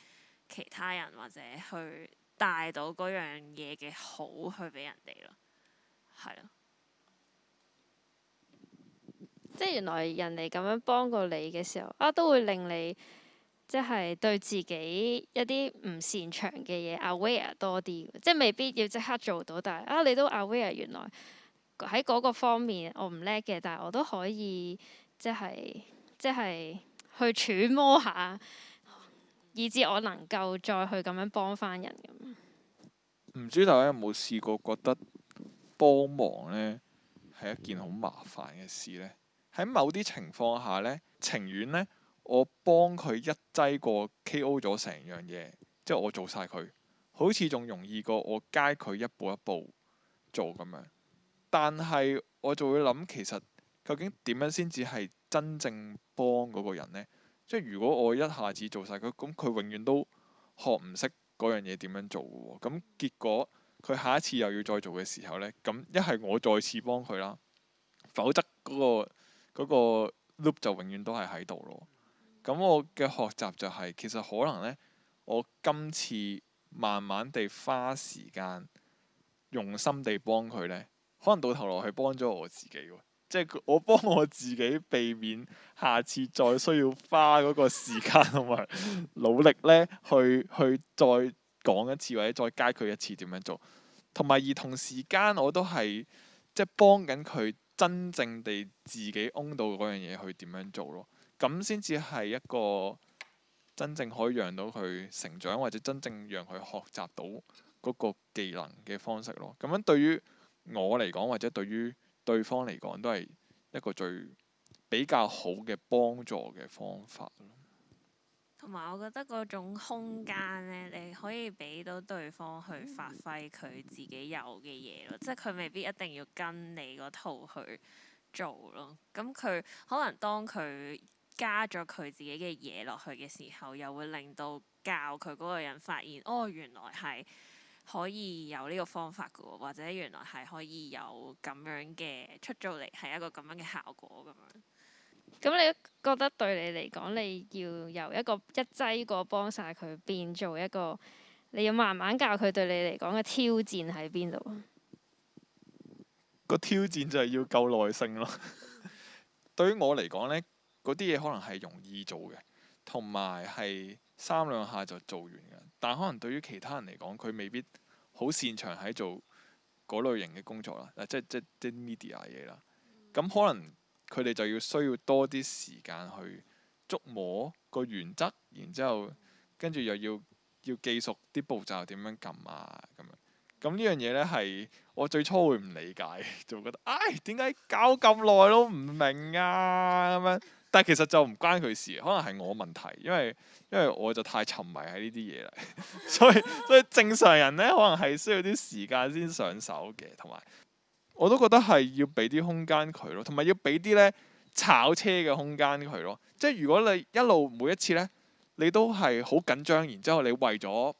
其他人，或者去帶到嗰樣嘢嘅好去俾人哋咯。係咯，即係原來人哋咁樣幫過你嘅時候啊，都會令你。即係對自己一啲唔擅長嘅嘢 aware 多啲，即係未必要即刻做到，但係啊，你都 aware 原來喺嗰個方面我唔叻嘅，但係我都可以即係即係去揣摩下，以至我能夠再去咁樣幫返人咁。唔知大家有冇試過覺得幫忙呢係一件好麻煩嘅事呢？喺某啲情況下呢，情願呢。我幫佢一劑過 K.O. 咗成樣嘢，即係我做晒佢，好似仲容易過我教佢一步一步做咁樣。但係我就會諗，其實究竟點樣先至係真正幫嗰個人呢？即係如果我一下子做晒佢，咁佢永遠都學唔識嗰樣嘢點樣做嘅喎。咁結果佢下一次又要再做嘅時候呢，咁一係我再次幫佢啦，否則嗰個嗰個 loop 就永遠都係喺度咯。咁我嘅學習就係、是、其實可能咧，我今次慢慢地花時間，用心地幫佢咧，可能到頭來係幫咗我自己喎。即係我幫我自己避免下次再需要花嗰個時間同埋努力咧，去去再講一次或者再教佢一次點樣做。而同埋同時間我都係即係幫緊佢真正地自己 own 到嗰樣嘢去點樣做咯。咁先至係一個真正可以讓到佢成長，或者真正讓佢學習到嗰個技能嘅方式咯。咁樣對於我嚟講，或者對於對方嚟講，都係一個最比較好嘅幫助嘅方法咯。同埋我覺得嗰種空間呢，你可以俾到對方去發揮佢自己有嘅嘢咯，即係佢未必一定要跟你嗰套去做咯。咁佢可能當佢加咗佢自己嘅嘢落去嘅時候，又會令到教佢嗰個人發現哦，原來係可以有呢個方法嘅，或者原來係可以有咁樣嘅出咗嚟，係一個咁樣嘅效果咁樣。咁你覺得對你嚟講，你要由一個一劑過幫晒佢變做一個，一個你要慢慢教佢。對你嚟講嘅挑戰喺邊度？個挑戰就係要夠耐性咯。 <laughs> 對於我嚟講咧。嗰啲嘢可能係容易做嘅，同埋係三兩下就做完嘅。但可能對於其他人嚟講，佢未必好擅長喺做嗰類型嘅工作，啊，啦。即即即 media 嘢啦。咁可能佢哋就要需要多啲時間去捉摸個原則，然之後跟住又要要記熟啲步驟點樣撳啊咁樣。咁呢樣嘢咧係我最初會唔理解，就會覺得唉，點解搞咁耐都唔明啊咁樣。但其實就唔關佢事，可能係我問題，因為因為我就太沉迷喺呢啲嘢啦， <laughs> 所以所以正常人呢，可能係需要啲時間先上手嘅，同埋我都覺得係要俾啲空間佢咯，同埋要俾啲呢炒車嘅空間佢咯。即係如果你一路每一次呢，你都係好緊張，然之後你為咗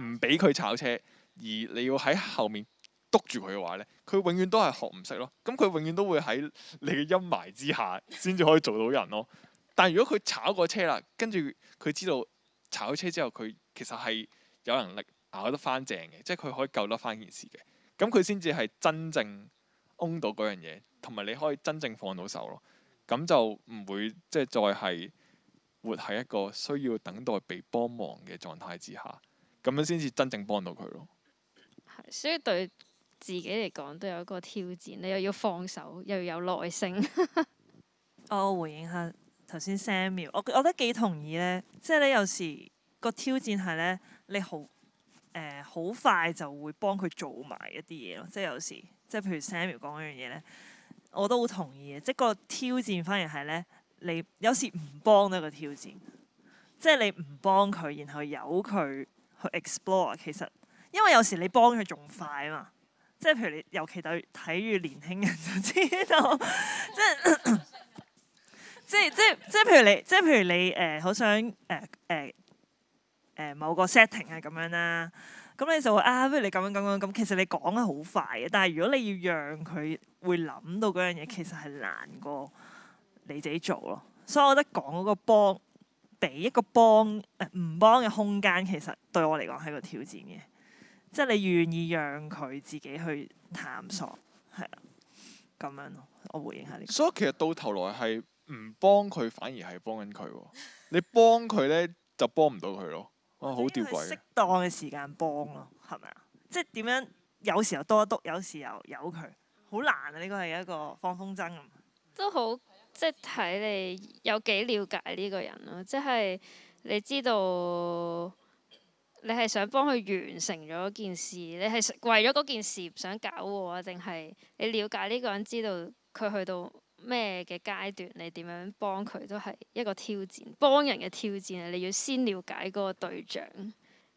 唔俾佢炒車，而你要喺後面。督住佢嘅話咧，佢永遠都係學唔識咯。咁佢永遠都會喺你嘅陰霾之下，先至可以做到人咯。但係如果佢炒過車啦，跟住佢知道炒車之後，佢其實係有能力拗得翻正嘅，即係佢可以救得翻件事嘅。咁佢先至係真正 own 到嗰樣嘢，同埋你可以真正放到手咯。咁就唔會即係再係活喺一個需要等待被幫忙嘅狀態之下，咁樣先至真正幫到佢咯。係，所以對。自己嚟講都有一個挑戰，你又要放手，又要有耐性。我、 <laughs> oh，回應下頭先 Samuel，我我覺得幾同意咧，即係咧有時，呢個挑戰係咧，你好誒好、呃、快就會幫佢做埋一啲嘢咯。即係有時即係，譬如 Samuel 講嗰樣嘢咧，我都好同意嘅。即係個挑戰反而係咧，你有時唔幫都係個挑戰，即係你唔幫佢，然後由佢去 explore。其實因為有時你幫佢仲快啊嘛。即係譬如你，尤其對睇住年輕人就知道，即係 <laughs> 即係即係譬如你，即係譬如你誒，好想誒誒誒某個 setting 係咁樣啦，咁你就會啊，不如你咁樣咁樣咁。其實你講得好快嘅，但係如果你要讓佢會諗到嗰樣嘢，其實係難過你自己做咯。所以我覺得講嗰個幫俾一個幫誒唔、呃、幫嘅空間，其實對我嚟講係個挑戰嘅。即係你願意讓佢自己去探索，係啊，咁樣咯。我回應下呢個。所以其實到頭來係唔幫佢，反而係幫緊佢喎。你幫佢咧， <laughs> 就幫唔到佢咯。啊，好吊詭嘅。適當嘅時間幫咯，係咪啊？即係點樣？有時候多一督，有時候由佢。好難啊！呢個係一個放風箏咁。都好，即係睇你有幾了解呢個人咯。即係你知道。你係想幫佢完成咗件事，你係為咗嗰件事唔想搞我，定係你了解呢個人，知道佢去到咩嘅階段，你點樣幫佢都係一個挑戰，幫人嘅挑戰啊！你要先了解嗰個對象，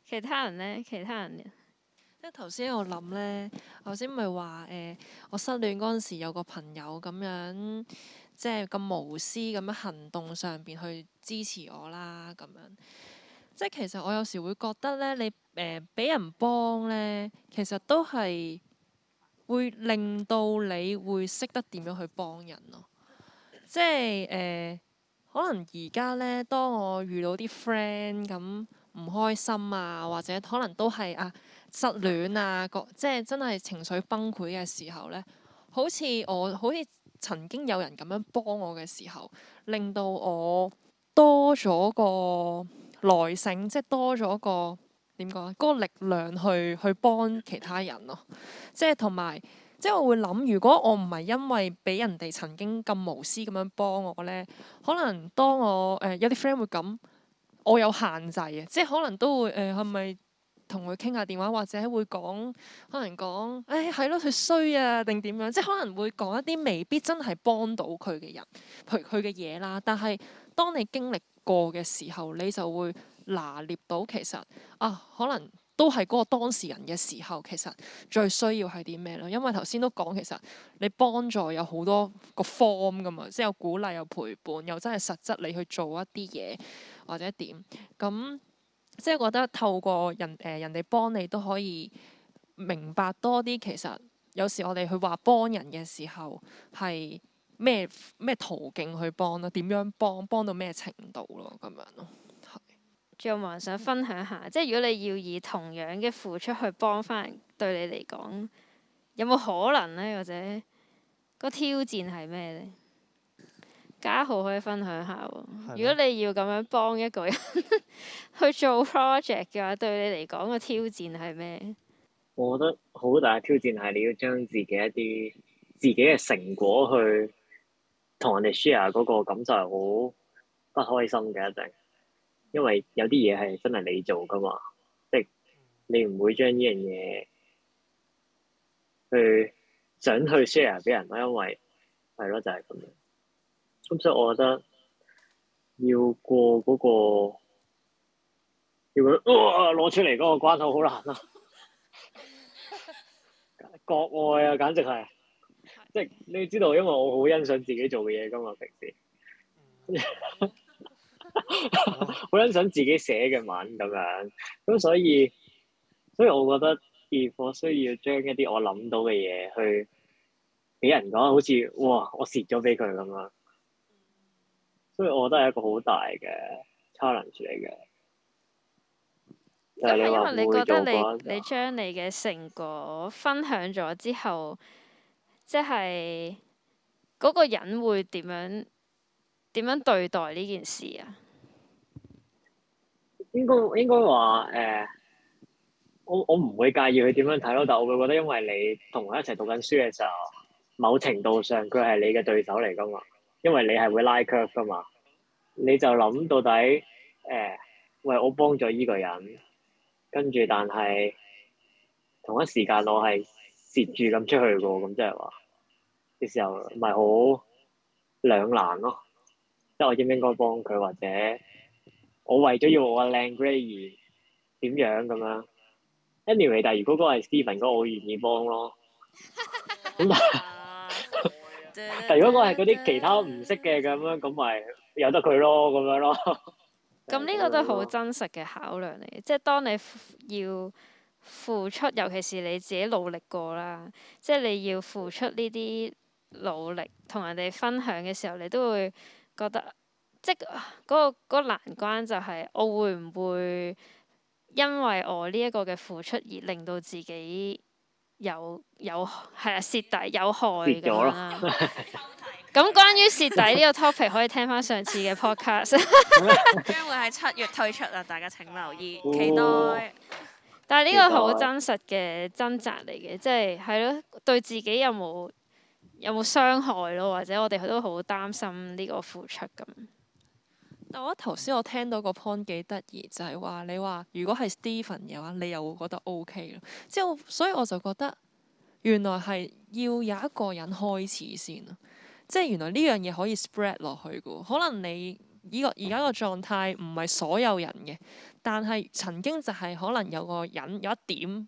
其他人呢？其他人，即頭先我諗呢，頭先咪話誒，我失戀嗰陣時有個朋友咁樣，即係咁無私咁樣行動上邊去支持我啦，咁樣。即係其實我有時會覺得咧，你誒俾、呃、人幫咧，其實都係會令到你會識得點樣去幫人咯。即係誒、呃，可能而家咧，當我遇到啲 friend 咁唔開心啊，或者可能都係啊失戀啊，個即係真係情緒崩潰嘅時候咧，好似我好似曾經有人咁樣幫我嘅時候，令到我多咗個。耐性即係多咗個點講啊？嗰個力量去去幫其他人咯， <laughs> 即係同埋即係我會諗，如果我唔係因為俾人哋曾經咁無私咁樣幫我咧，可能當我誒、呃、有啲 friend 會咁，我有限制呀，即係可能都會誒係咪同佢傾下電話，或者會講可能講誒係咯，佢、哎、衰啊定點樣？即係可能會講一啲未必真係幫到佢嘅人，譬如佢嘅嘢啦，但係。當你經歷過嘅時候，你就會拿捏到其實啊，可能都係嗰個當事人嘅時候，其實最需要係啲咩咯？因為頭先都講，其實你幫助有好多個 form 㗎嘛，即係有鼓勵、有陪伴、又真係實質你去做一啲嘢或者點咁、嗯，即係覺得透過人誒、呃、人哋幫你都可以明白多啲。其實有時我哋去話幫人嘅時候係。咩咩途徑去幫咯、啊？點樣幫？幫到咩程度咯、啊？咁樣咯，係。仲有冇人想分享下？即係如果你要以同樣嘅付出去幫翻人，對你嚟講有冇可能咧？或者、個挑戰係咩咧？家豪可以分享下喎。嗎如果你要咁樣幫一個人 <laughs> 去做 project 嘅話，對你嚟講、個挑戰係咩？我覺得好大嘅挑戰係你要將自己一啲自己嘅成果去，同人哋 share 嗰個感受係好不開心嘅一定、就是，因為有啲嘢係真係你做㗎嘛，即係你唔會將呢樣嘢去想去 share 俾人咯，因為係咯就係、是、咁樣。咁所以我覺得要過嗰、那個要佢攞、那個啊、出嚟嗰個關口好難啦、啊，國外啊簡直係。即係你知道，因為我好欣賞自己做嘅嘢㗎嘛，平時好欣賞自己寫嘅文咁樣，咁所以所以我覺得如果我需要將一啲我諗到嘅嘢去俾人講，好似哇我蝕咗俾佢咁樣，所以我覺得係一,一、嗯、一個好大嘅 challenge 嚟嘅。就係、因為你覺得你你將你嘅成果分享咗之後。即係嗰、那個人會點樣點樣對待呢件事啊？應該應該話誒，我我唔會介意佢點樣睇咯。但我會覺得，因為你同佢一齊讀緊書嘅時候，某程度上佢係你嘅對手嚟噶嘛，因為你係會拉 curve 噶嘛，你就諗到底誒、呃，喂我幫咗依個人，跟住但係同一時間我係。接住咁出去個，咁即係話嘅時候，咪好兩難咯。即係我應唔應該幫佢，或者我為咗要我阿靚 Grace 而點樣咁樣。Anyway，但如果嗰個係 Steven 嗰個，我願意幫咯。 <laughs> <laughs> <laughs> 但如果我係嗰啲其他唔識嘅咁樣，咁咪由得佢咯，咁樣咯。咁呢個都係好真實嘅考量嚟嘅，即係當你要付出，尤其是你自己努力過啦，即係你要付出呢啲努力，同人哋分享嘅時候，你都會覺得，即係、嗰個、嗰個難關就係，我會唔會因為我呢一個嘅付出而令到自己有有係啊，蝕底有害咁樣啊？咁掉了 <laughs> 關於蝕底呢個 topic， <laughs> 可以聽翻上，上次嘅 podcast，將 <laughs> 會喺七月推出啊，大家請留意，哦、期待。但係呢個好真實嘅掙扎嚟嘅，嗯、即係係咯，對自己有冇有冇傷害咯？或者我哋都好擔心呢個付出咁。但我覺得頭先我聽到個 point 幾得意，就係、是、話你話如果係 Stephen 嘅話，你又會覺得 OK 咯。之後所以我就覺得原來係要有一個人開始先，即係原來呢樣嘢可以 spread 落去嘅。可能你依、呢個而家個狀態唔係所有人嘅。但係曾經就係可能有個人有一點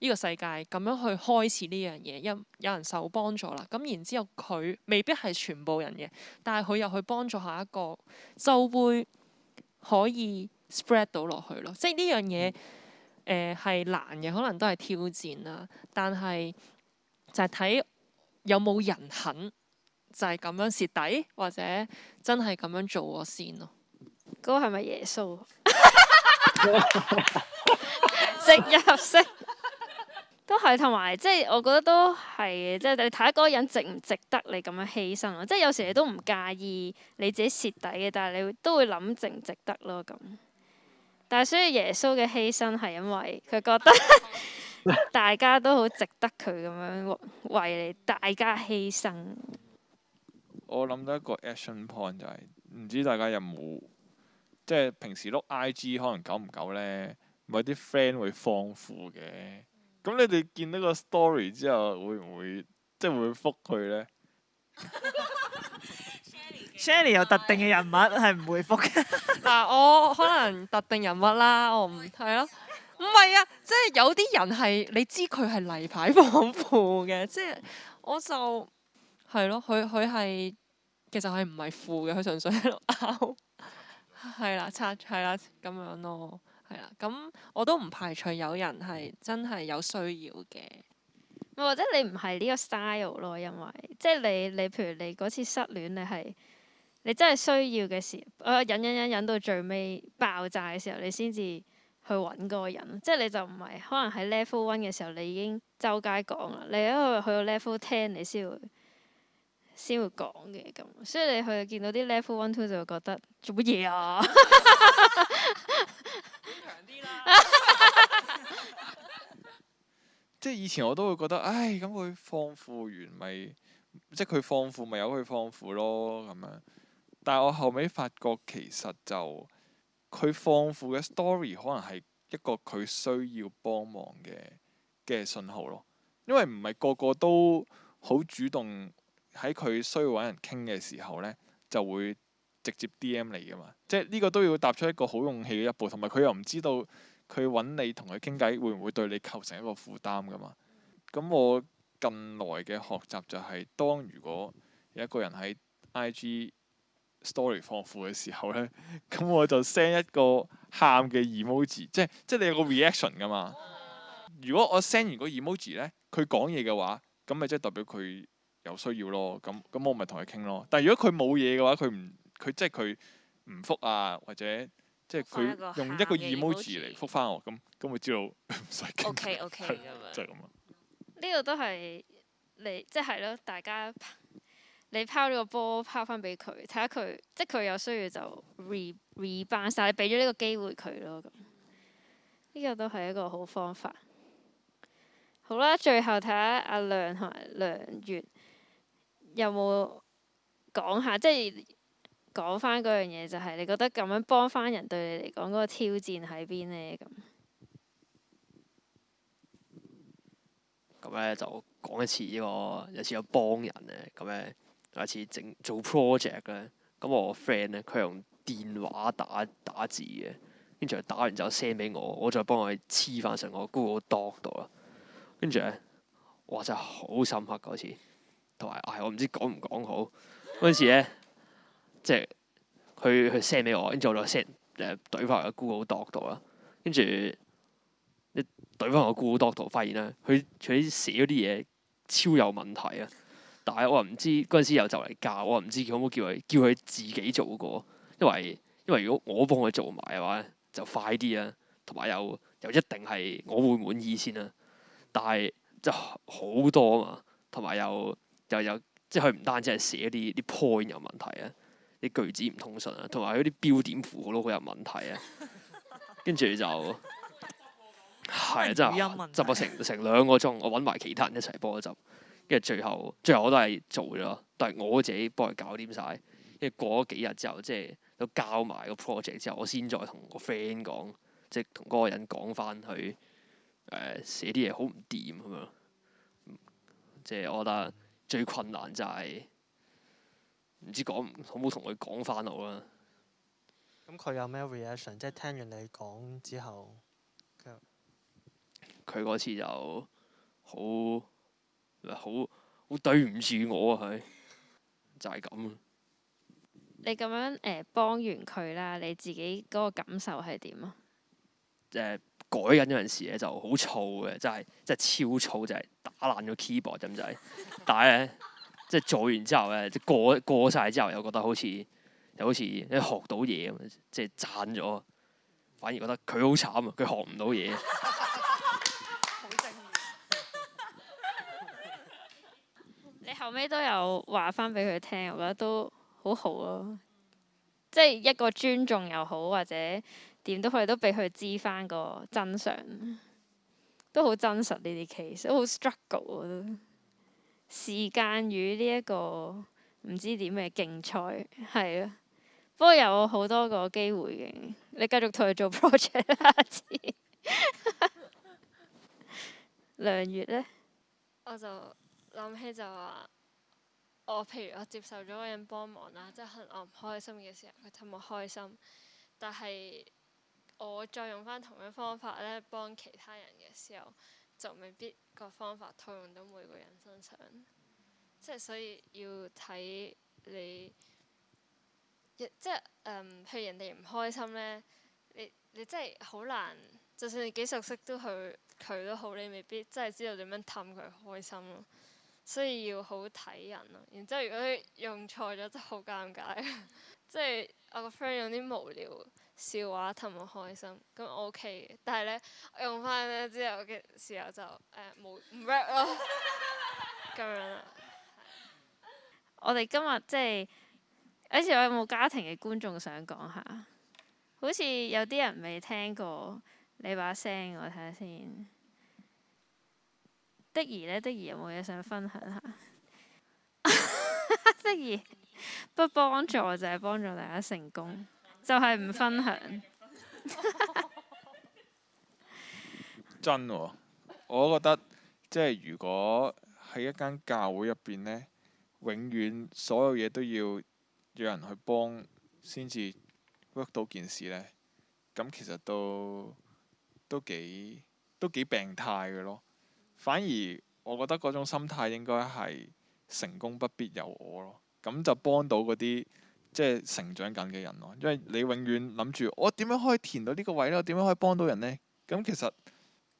呢個世界咁樣去開始呢樣嘢，有有人受幫助啦。咁然之後，佢未必係全部人嘅，但係佢又去幫助下一個，就會可以 spread 到落去咯。即係呢樣嘢誒係難嘅，可能都係挑戰啦。但係就係睇有冇人肯就係咁樣蝕底，或者真係咁樣做我先咯。嗰個係咪耶穌？值 <laughs> 入式都係，同埋即係我覺得都係，即係你睇嗰個人值唔值得你咁樣犧牲咯。即係有時你都唔介意你自己蝕底嘅，但係你都會諗值唔值得咯。咁但係所以耶穌嘅犧牲係因為佢覺得 <laughs> 大家都好值得佢咁樣為你大家犧牲。我諗到一個 action point 就係，唔知大家有冇？即係平時碌 IG 可能久唔久呢？咪啲 friend 會放負嘅。咁你哋見到個 story 之後，會唔會即係會覆佢呢？Shelly 有特定嘅人物係唔回覆嘅。嗱、啊，我可能特定人物啦，我唔係咯。唔係 <laughs> <laughs> 啊，即係有啲人係你知佢係例牌放負嘅，即係我就係咯，佢佢係其實係唔係負嘅，佢純粹喺度拗。係啦，拆係啦，咁樣咯，係啦，咁我都唔排除有人係真係有需要嘅。或者你唔係呢個 style 咯，因為即係你你譬如你嗰次失戀你係你真係需要嘅時候，我、呃、忍忍忍忍到最尾爆炸嘅時候，你先至去搵嗰個人，即係你就唔係可能喺 level one 嘅時候你已經周街講啦，你一去去到 level ten 你先會。先會講嘅。咁，所以你去見到啲 level one two 就會覺得做乜嘢啊？堅強啲啦，即係以前我都會覺得，唉，咁佢放負完咪，就是，即係佢放負咪由佢放負咯咁樣。但係我後尾發覺其實就佢放負嘅 story 可能係一個佢需要幫忙嘅嘅信號咯，因為唔係個個都好主動。喺佢需要揾人傾嘅時候呢，就會直接 DM 你㗎嘛，即係呢個都要踏出一個好勇氣嘅一步，同埋佢又唔知道佢揾你同佢傾偈會唔會對你構成一個負擔㗎嘛。咁我近來嘅學習就係，當如果有一個人喺 IG Story 放負嘅時候呢，咁我就 send 一個喊嘅 emoji，即係即係你有個 reaction 㗎嘛。如果我 send 完個 emoji 呢，佢講嘢嘅話，咁咪即係代表佢。有需要咯，咁咁我咪同佢傾咯。但係如果佢冇嘢嘅話，佢唔佢即係佢唔覆啊，或者即係佢用一個 emoji 嚟覆返我咁咁，佢知道唔使傾。O K O K 咁啊，就係咁啊。呢個都係你即係係咯，大家你拋咗個波拋返俾佢睇下佢，即係佢有需要就 re re bounce。Ounce, 你俾咗呢個機會佢咯，咁呢個都係一個好方法。好啦，最後睇下阿亮同埋梁月。有冇講下？即係講翻嗰樣嘢，就係你覺得咁樣幫翻人對你嚟講嗰個挑戰喺邊咧？咁咁咧就講一次呢個，有次有幫人咧，咁咧有一次整做 project 咧，咁我 friend 咧佢用電話打打字嘅，跟住打完之後就 send 俾我，我再幫佢黐翻成個 Google Doc 度啦。跟住咧，哇！真係好深刻嗰次。同埋，唉、啊，我唔知講唔講好。嗰陣時咧，即係佢佢 send 俾我，跟住我就 send 誒，懟、呃、翻個 Google Doc 度啦。跟住你懟翻個 Google Doc 度，發現咧，佢佢寫嗰啲嘢超有問題啊！但係我又唔知嗰陣時又就嚟教，我又唔知可唔可以叫佢叫佢自己做過，因為因為如果我幫佢做埋嘅話，就快啲啊！同埋又又一定係我會滿意先啊！但係即係好多啊，嘛，同埋又。又有即係佢唔單止係寫啲啲 point 有問題啊，啲句子唔通順啊，同埋嗰啲標點符號都好有問題啊。跟住就係真係執咗成成兩個鐘，我揾埋其他人一齊幫我執。跟住最後最後我都係做咗，但係我自己幫佢搞掂晒。跟住過咗幾日之後，即係都交埋個 project 之後，我先再同個 friend 講，即係同嗰個人講翻佢誒寫啲嘢好唔掂咁樣。即係我覺得。最困難就係、是、唔知講好冇同佢講翻好啦。咁佢有咩 reaction？即係聽完你講之後，佢嗰次就好，好好對唔住我啊！佢就係咁你咁樣誒、呃、幫完佢啦，你自己嗰個感受係點啊？即係誒、呃。改緊嗰陣時咧，就好燥嘅，真係真係超燥，就係、是、打爛咗 keyboard，咁仔。但係咧， <laughs> 即係做完之後咧，過過晒之後又覺得好似又好似一學到嘢咁，即係賺咗。反而覺得佢好慘啊，佢學唔到嘢。好正面。你後尾都有話翻俾佢聽，我覺得都好好、啊、咯。即、就、係、是、一個尊重又好，或者。點都可以都俾佢知翻個真相，都好真實呢啲 case，都好 struggle 我都。時間與呢一個唔知點嘅競賽，係啊。不過有好多個機會嘅，你繼續同佢做 project 下次。梁月咧，我就諗起就話，我譬如我接受咗個人幫忙啦，即係可能我唔開心嘅時候，佢氹我開心，但係。我再用翻同樣方法咧幫其他人嘅時候，就未必個方法套用到每個人身上，即係。所以要睇你，即係。嗯，譬如人哋唔開心咧，你你真係好難，就算你幾熟悉都去。佢都好，你未必真係知道點樣氹佢開心咯、啊，所以要好睇人咯、啊。然之後如果用錯咗，真係好尷尬， <laughs> 即係。我個 friend 有啲無聊，笑話氹我開心，咁 OK 嘅。但係呢，我用翻呢之後嘅時候就誒冇唔 rap 咯，咁、呃、 <laughs> <laughs> 樣啦吧。 <noise> 我哋今日即係，有冇家庭嘅觀眾想講下？好似有啲人未聽過你把聲，我睇下先。的兒呢？的兒有冇嘢想分享下？ <laughs> 的兒不幫助就係、是、幫助大家成功。 <noise> 就係唔分享。 <laughs> 真喎、哦，我覺得即係如果喺一間教會入邊呢，永遠所有嘢都要有人去幫先至 work 到件事呢，咁其實都都幾都幾病態嘅咯。反而我覺得嗰種心態應該係成功不必有我咯，咁就幫到嗰啲。即係成長緊嘅人咯，因為你永遠諗住我點樣可以填到呢個位咧，我點樣可以幫到人咧？咁其實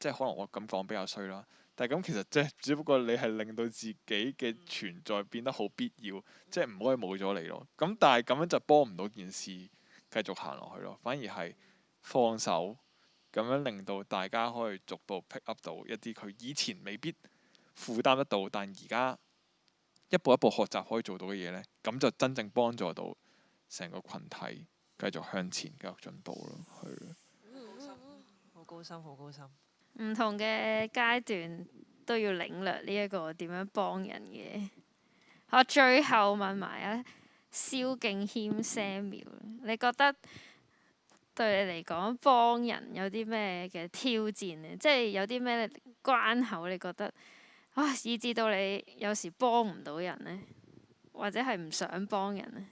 即係可能我咁講比較衰啦，但係咁其實即係只不過你係令到自己嘅存在變得好必要，即係唔可以冇咗你咯。咁但係咁樣就幫唔到件事繼續行落去咯，反而係放手咁樣令到大家可以逐步 pick up 到一啲佢以前未必負擔得到，但而家一步一步學習可以做到嘅嘢咧，咁就真正幫助到。成個群體繼續向前，繼續進步咯，係好、嗯、高深，好高深。唔同嘅階段都要領略呢、這、一個點樣幫人嘅。我最後問埋阿蕭敬軒 Samuel，你覺得對你嚟講幫人有啲咩嘅挑戰呢？即係有啲咩關口？你覺得啊，以至到你有時幫唔到人呢，或者係唔想幫人呢？」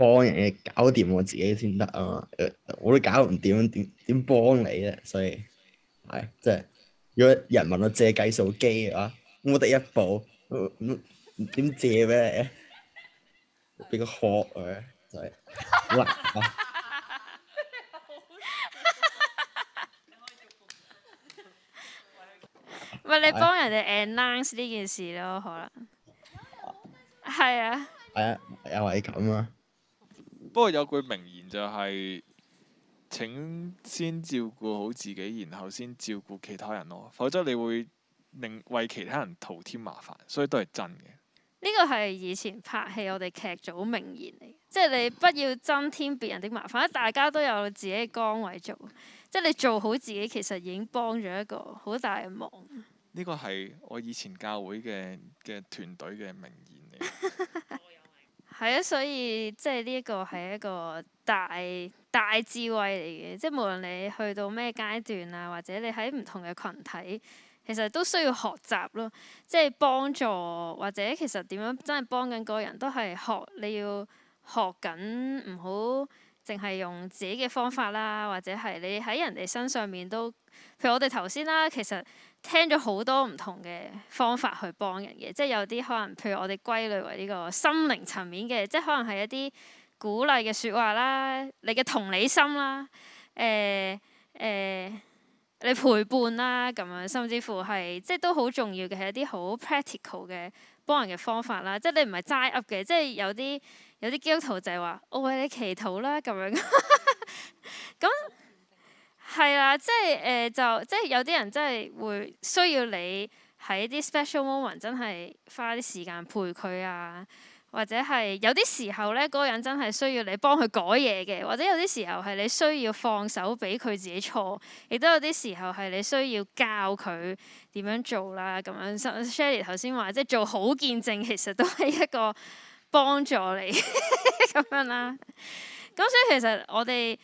幫人哋搞掂，我自己先得啊嘛！我都搞唔掂，點點幫你咧？所以係即係，如果人問我借計數機嘅話，我得一部，唔唔點借俾你啊？俾個殼佢，就係喂，唔係你幫人哋 announce 呢件事咯？可能係啊，係啊，又係咁啊！不過有句名言就係、是：請先照顧好自己，然後先照顧其他人咯。否則你會令為其他人徒添麻煩，所以都係真嘅。呢個係以前拍戲我哋劇組名言嚟，即係你不要增添別人的麻煩。大家都有自己嘅崗位做，即係你做好自己，其實已經幫咗一個好大嘅忙。呢個係我以前教會嘅嘅團隊嘅名言嚟。 <laughs> 係啊，所以即係呢一個係一個大大智慧嚟嘅，即係無論你去到咩階段啊，或者你喺唔同嘅群體，其實都需要學習咯。即係幫助或者其實點樣真係幫緊個人都係學你要學緊，唔好淨係用自己嘅方法啦，或者係你喺人哋身上面都，譬如我哋頭先啦，其實。聽咗好多唔同嘅方法去幫人嘅，即係有啲可能，譬如我哋歸類為呢個心靈層面嘅，即係可能係一啲鼓勵嘅説話啦，你嘅同理心啦，誒、呃、誒、呃，你陪伴啦咁樣，甚至乎係即係都好重要嘅，係一啲好 practical 嘅幫人嘅方法啦。即係你唔係齋 up 嘅，即係有啲有啲基督徒就係話：我、哦、為你祈禱啦咁樣。咁 <laughs> 係啦，即係誒、呃、就即係有啲人真係會需要你喺啲 special moment 真係花啲時間陪佢啊，或者係有啲時候呢嗰、嗰個人真係需要你幫佢改嘢嘅，或者有啲時候係你需要放手俾佢自己錯，亦都有啲時候係你需要教佢點樣做啦。咁樣 Shirley 頭先話即係做好見證，其實都係一個幫助你咁 <laughs> 樣啦。咁所以其實我哋。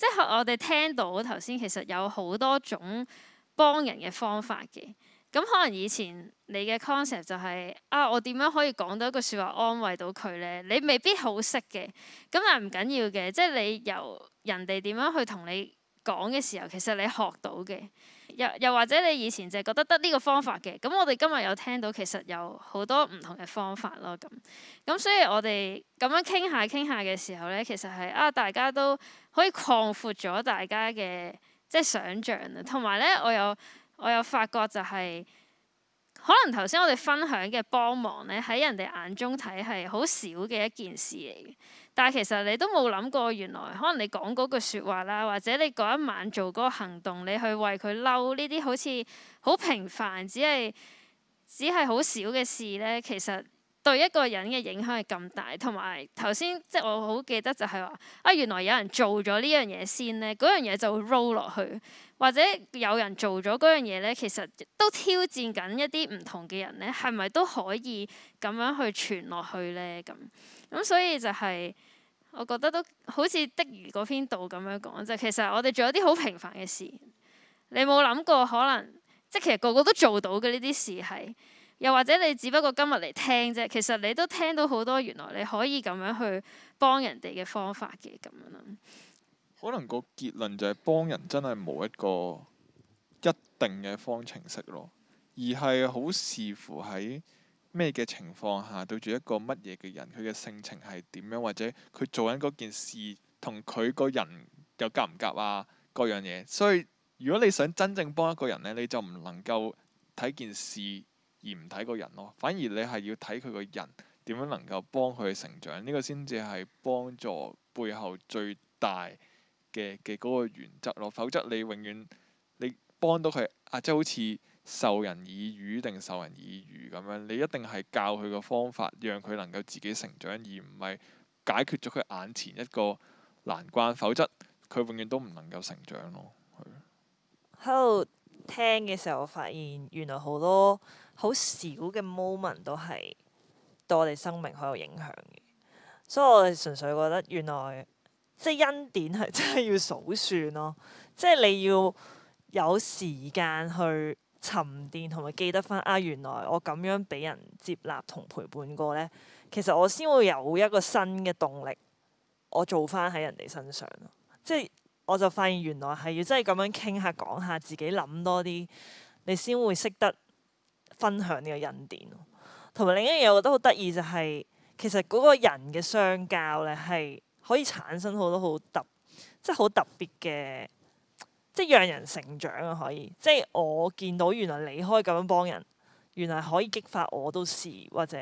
即係我哋聽到頭先，其實有好多種幫人嘅方法嘅。咁可能以前你嘅 concept 就係啊，我點樣可以講到一句說話安慰到佢呢？你未必好識嘅。咁但係唔緊要嘅，即係你由人哋點樣去同你講嘅時候，其實你學到嘅。又又或者你以前就覺得得呢個方法嘅，咁，我哋今日有聽到其實有好多唔同嘅方法咯。咁咁，所以我哋咁樣傾下傾下嘅時候呢，其實係啊，大家都可以擴闊咗大家嘅即係想像啊。同埋呢，我有我又發覺就係、係、可能頭先我哋分享嘅幫忙呢，喺人哋眼中睇係好少嘅一件事嚟。但係，其實你都冇諗過，原來可能你講嗰句説話啦，或者你嗰一晚做嗰個行動，你去為佢嬲，呢啲好似好平凡，只係只係好少嘅事呢，其實。對一個人嘅影響係咁大，同埋頭先，即係我好記得就係話啊，原來有人做咗呢樣嘢先呢，嗰樣嘢就會 roll 落去，或者有人做咗嗰樣嘢呢，其實都挑戰緊一啲唔同嘅人呢，係咪都可以咁樣去傳落去呢？咁咁所以就係、是，我覺得都好似的如嗰篇度咁樣講，就其實我哋做咗啲好平凡嘅事，你冇諗過可能，即係其實個個都做到嘅呢啲事係。又或者你只不過今日嚟聽啫，其實你都聽到好多原來你可以咁樣去幫人哋嘅方法嘅咁樣啦。可能個結論就係幫人真係冇一個一定嘅方程式咯，而係好視乎喺咩嘅情況下對住一個乜嘢嘅人，佢嘅性情係點樣，或者佢做緊嗰件事同佢個人有夾唔夾啊，各樣嘢，所以如果你想真正幫一個人咧，你就唔能夠睇件事。而唔睇個人咯，反而你係要睇佢個人點樣能夠幫佢成長，呢個先至係幫助背後最大嘅嘅嗰個原則咯。否則你永遠你幫到佢啊，即係好似授人以魚定授人以漁咁樣，你一定係教佢個方法，讓佢能夠自己成長，而唔係解決咗佢眼前一個難關。否則佢永遠都唔能夠成長咯。喺度聽嘅時候，我發現原來好多～好少嘅 moment 都係對我哋生命好有影響嘅，所以我哋純粹覺得原來即係恩典係真係要數算咯，即係你要有時間去沉澱同埋記得翻啊，原來我咁樣俾人接納同陪伴過咧，其實我先會有一個新嘅動力，我做翻喺人哋身上咯。即係我就發現原來係要真係咁樣傾下講下自己諗多啲，你先會識得。分享呢個印點，同埋另一樣嘢，我覺得好得意就係，其實嗰個人嘅相交咧，係可以產生好多好特，即係好特別嘅，即係讓人成長啊！可以，即係我見到原來你可以咁樣幫人，原來可以激發我都試，或者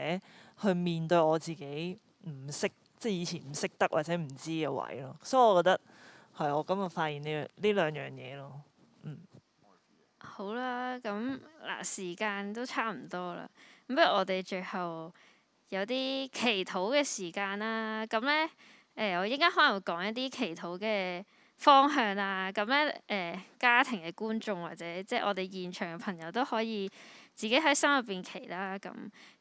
去面對我自己唔識，即係以前唔識得或者唔知嘅位咯。所以我覺得係我今日發現呢樣呢兩樣嘢咯。好啦，咁嗱時間都差唔多啦，咁不如我哋最後有啲祈禱嘅時間啦。咁呢，呃、我依家可能會講一啲祈禱嘅方向啦。咁呢、呃，家庭嘅觀眾或者即係我哋現場嘅朋友都可以自己喺心入邊祈啦。咁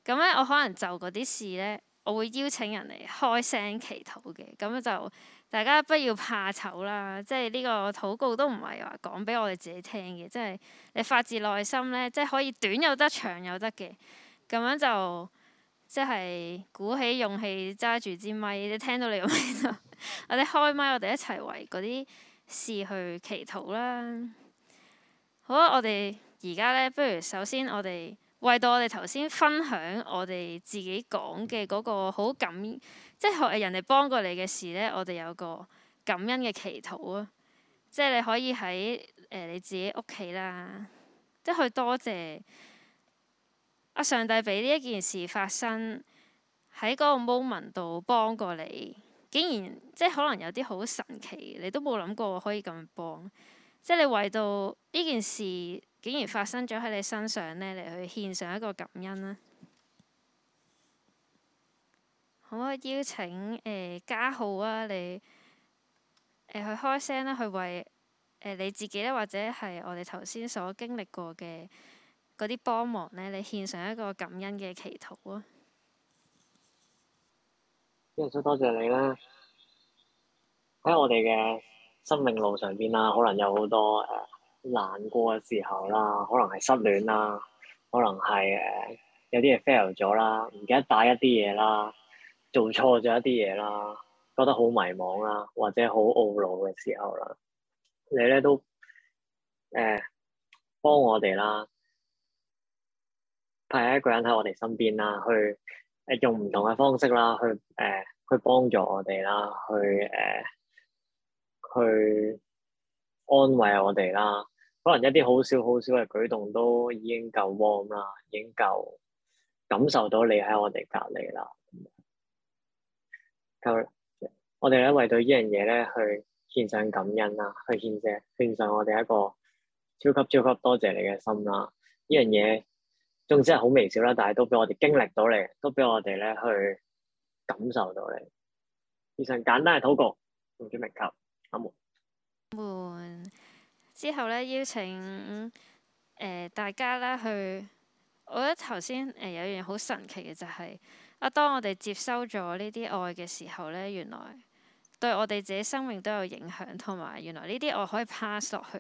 咁呢，我可能就嗰啲事呢，我會邀請人嚟開聲祈禱嘅。咁就～大家不要怕醜啦，即係呢個禱告都唔係話講俾我哋自己聽嘅，即係你發自內心呢，即係可以短又得，長又得嘅，咁樣就即係鼓起勇氣揸住支咪，你聽到你用咩啦？我哋開咪，我哋一齊為嗰啲事去祈禱啦。好啦，我哋而家呢，不如首先我哋為到我哋頭先分享我哋自己講嘅嗰個好感。即係學人哋幫過你嘅事呢，我哋有個感恩嘅祈禱啊！即係你可以喺、呃、你自己屋企啦，即係去多謝阿、啊、上帝俾呢一件事發生喺嗰個 moment 度幫過你，竟然即係可能有啲好神奇，你都冇諗過可以咁幫。即係你為到呢件事竟然發生咗喺你身上呢，你去獻上一個感恩啦～可唔可以邀請誒嘉、呃、浩啊，你誒、呃、去開聲啦、啊，去為誒、呃、你自己咧、啊，或者係我哋頭先所經歷過嘅嗰啲幫忙咧、啊，你獻上一個感恩嘅祈禱啊！其實多謝你啦，喺我哋嘅生命路上邊啦，可能有好多誒難過嘅時候啦，可能係失戀啦，可能係誒、呃、有啲嘢 fail 咗啦，唔記得帶一啲嘢啦。做錯咗一啲嘢啦，覺得好迷茫啦，或者好懊惱嘅時候啦，你咧都誒幫、呃、我哋啦，派一個人喺我哋身邊啦，去誒、呃、用唔同嘅方式啦，去誒、呃、去幫助我哋啦，去誒、呃、去安慰我哋啦。可能一啲好少好少嘅舉動都已經夠 warm 啦，已經夠感受到你喺我哋隔籬啦。夠，我哋咧為到呢樣嘢咧去獻上感恩啦，去獻謝，獻上我哋一個超級超級多謝你嘅心啦。呢樣嘢，總之係好微小啦，但係都俾我哋經歷到你，都俾我哋咧去感受到你。以上簡單嘅禱告，奉主名求阿門。門之後咧邀請誒、呃、大家咧去，我覺得頭先誒有一樣好神奇嘅就係、是。啊！當我哋接收咗呢啲愛嘅時候呢，原來對我哋自己生命都有影響，同埋原來呢啲愛可以 pass 落去。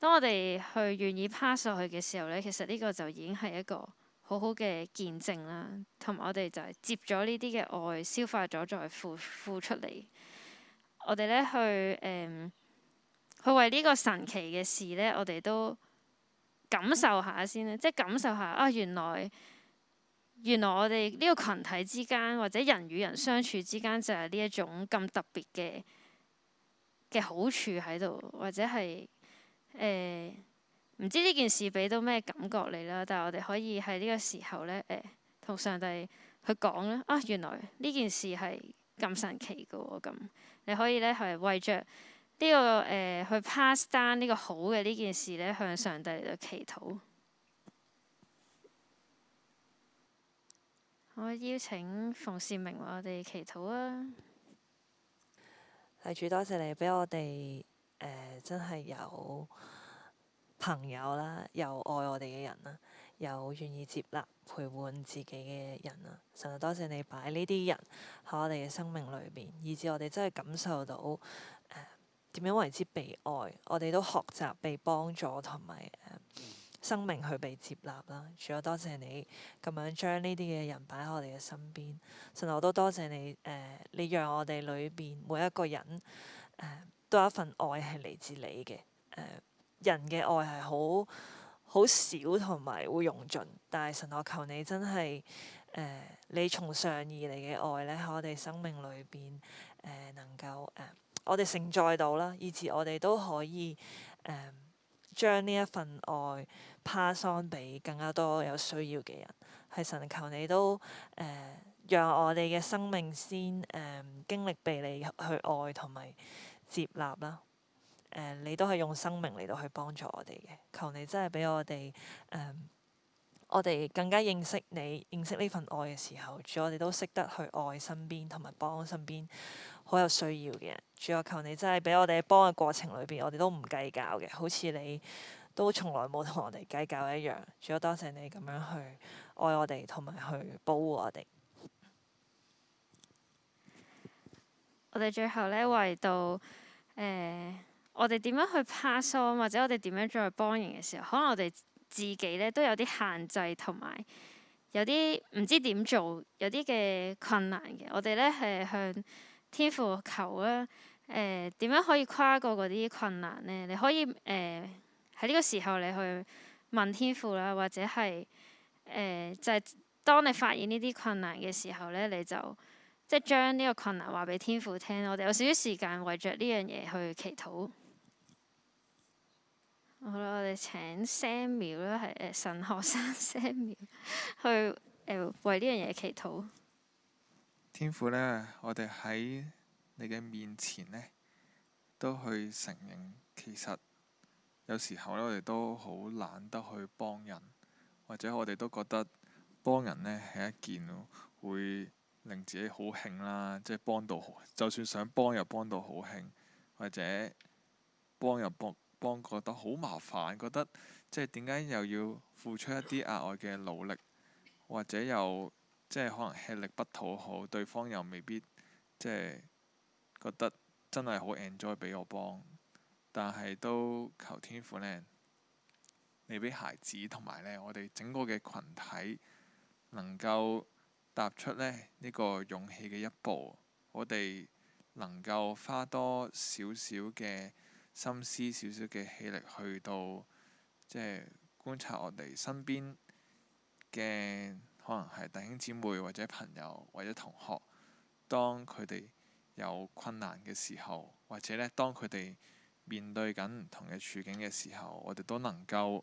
當我哋去願意 pass 落去嘅時候呢，其實呢個就已經係一個好好嘅見證啦。同埋我哋就係接咗呢啲嘅愛，消化咗再付付出嚟。我哋呢去誒、呃，去為呢個神奇嘅事呢，我哋都感受下先，即係感受下啊，原來。原來我哋呢個群體之間，或者人與人相處之間，就係呢一種咁特別嘅嘅好處喺度，或者係誒唔知呢件事俾到咩感覺你啦。但係我哋可以喺呢個時候呢，誒、呃、同上帝去講咧，啊原來呢件事係咁神奇嘅喎，咁你可以呢，係為着呢、這個誒、呃、去 pass down 呢個好嘅呢件事呢，向上帝嚟到祈禱。我邀請馮善明為我哋祈禱啊！係，主，多謝你俾我哋誒、呃，真係有朋友啦，有愛我哋嘅人啦，有願意接納陪伴自己嘅人啦。神啊，多謝你擺呢啲人喺我哋嘅生命裏邊，以至我哋真係感受到誒點、呃、樣為之被愛，我哋都學習被幫助同埋生命去被接納啦，主啊，多謝你咁樣將呢啲嘅人擺喺我哋嘅身邊。神，我都多謝你誒、呃，你讓我哋裏邊每一個人誒、呃、都有一份愛，係嚟自你嘅。誒、呃。人嘅愛係好好少同埋會用盡。但係神，我求你真係誒、呃，你從上而嚟嘅愛咧，喺我哋生命裏邊誒、呃、能夠誒、呃，我哋承載到啦，以致我哋都可以誒。呃將呢一份愛 pass on 俾更加多有需要嘅人，係，神求你都誒、呃，讓我哋嘅生命先誒、呃、經歷被你去愛同埋接納啦。誒、呃，你都係用生命嚟到去幫助我哋嘅，求你真係俾我哋誒、呃，我哋更加認識你，認識呢份愛嘅時候，主我哋都識得去愛身邊同埋幫身邊好有需要嘅人，主啊，求你真係俾我哋幫嘅過程裏邊，我哋都唔計較嘅，好似你都從來冇同我哋計較一樣。主啊，多謝你咁樣去愛我哋同埋去保護我哋。 <noise> <noise> 我哋最後呢，為到誒、呃，我哋點樣去 pass on 或者我哋點樣再幫人嘅時候，可能我哋自己呢都有啲限制同埋有啲唔知點做，有啲嘅困難嘅。我哋呢係向。天父求啦，誒、呃、點樣可以跨過嗰啲困難呢？你可以誒喺呢個時候你去問天父啦，或者係誒、呃、就係、是、當你發現呢啲困難嘅時候呢，你就即係將呢個困難話俾天父聽。我哋有少少時間為着呢樣嘢去祈禱。好啦，我哋請 Samuel 啦，係、呃、誒神學生 <laughs> Samuel 去誒、呃、為呢樣嘢祈禱。天父呢，我哋喺你嘅面前呢都去承認，其實有時候呢，我哋都好懶得去幫人，或者我哋都覺得幫人呢係一件會令自己好興啦，即係幫到好，就算想幫又幫到好興，或者幫又幫幫覺得好麻煩，覺得即係點解又要付出一啲額外嘅努力，或者又？即係可能吃力不討好，對方又未必即係覺得真係好 enjoy 俾我幫，但係都求天父咧，你俾孩子同埋咧，我哋整個嘅群體能夠踏出咧呢、呢個勇氣嘅一步，我哋能夠花多少少嘅心思、少少嘅氣力去到即係觀察我哋身邊嘅。可能係弟兄姊妹，或者朋友，或者同學，當佢哋有困難嘅時候，或者咧，當佢哋面對緊唔同嘅處境嘅時候，我哋都能夠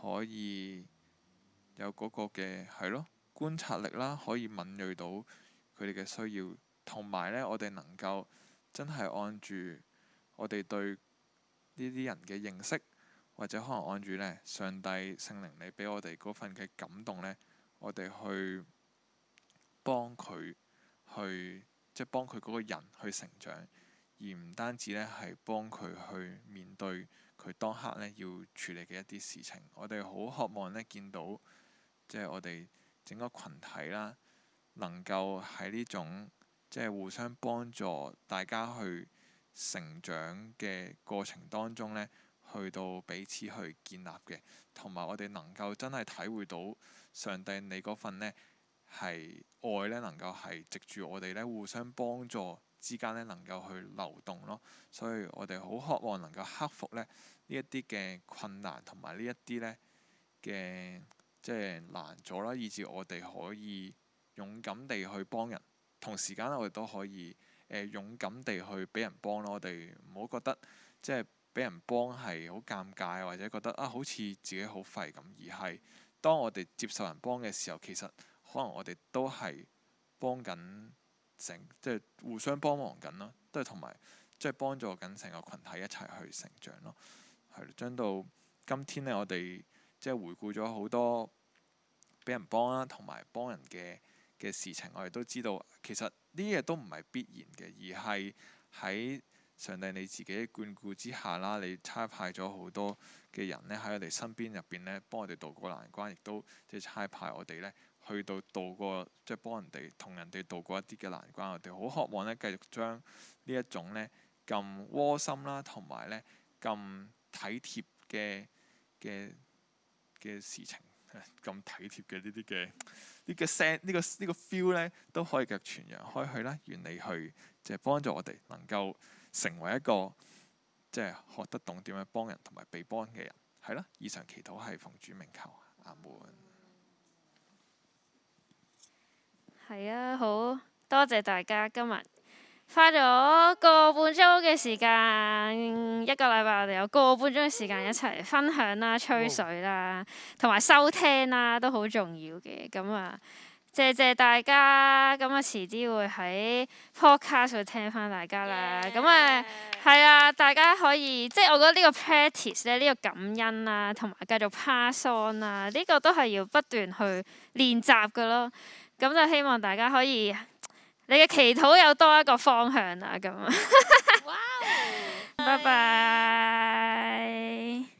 可以有嗰個嘅係咯觀察力啦，可以敏銳到佢哋嘅需要，同埋咧，我哋能夠真係按住我哋對呢啲人嘅認識，或者可能按住咧上帝聖靈，你俾我哋嗰份嘅感動咧。我哋去幫佢，去即係幫佢嗰個人去成長，而唔單止咧係幫佢去面對佢當刻咧要處理嘅一啲事情。我哋好渴望咧見到，即係我哋整個群體啦，能夠喺呢種即係互相幫助大家去成長嘅過程當中咧。去到彼此去建立嘅，同埋我哋能夠真係體會到上帝你嗰份咧係愛咧，能夠係藉住我哋咧互相幫助之間咧能夠去流動咯。所以我哋好渴望能夠克服咧呢一啲嘅困難同埋呢一啲咧嘅即係難阻啦，以致我哋可以勇敢地去幫人，同時間我哋都可以誒、呃、勇敢地去俾人幫咯。我哋唔好覺得即係。就是俾人幫係好尷尬，或者覺得啊，好似自己好廢咁。而係當我哋接受人幫嘅時候，其實可能我哋都係幫緊成，即係互相幫忙緊咯。都係同埋即係幫助緊成個群體一齊去成長咯。係將到今天咧，我哋即係回顧咗好多俾人幫啦，同埋幫人嘅嘅事情，我哋都知道其實呢啲嘢都唔係必然嘅，而係喺上帝你自己眷顧之下啦，你差派咗好多嘅人咧，喺我哋身邊入邊咧，幫我哋渡過難關，亦都即係差派我哋咧去到渡過，即係幫人哋同人哋渡過一啲嘅難關。我哋好渴望咧，繼續將呢一種咧咁窩心啦，同埋咧咁體貼嘅嘅嘅事情，咁體貼嘅呢啲嘅呢個聲呢個呢個 feel 咧，都可以繼續傳揚開去啦，願你去即係幫助我哋能夠。成為一個即係學得懂點樣幫人同埋被幫嘅人，係啦。以上祈禱係奉主名求，阿門。係啊，好多謝大家今日花咗個半鐘嘅時間，一個禮拜我哋有個半鐘嘅時間一齊分享啦、吹水啦、同埋哇收聽啦，都好重要嘅。咁啊～謝謝大家，咁啊遲啲會喺 podcast 會聽翻大家啦。咁啊係啊，大家可以即係我覺得呢個 practice 咧，呢個感恩啦、啊，同埋繼續 pass on 啊，呢、呢個都係要不斷去練習嘅咯。咁就希望大家可以，你嘅祈禱有多一個方向啊。咁，拜拜。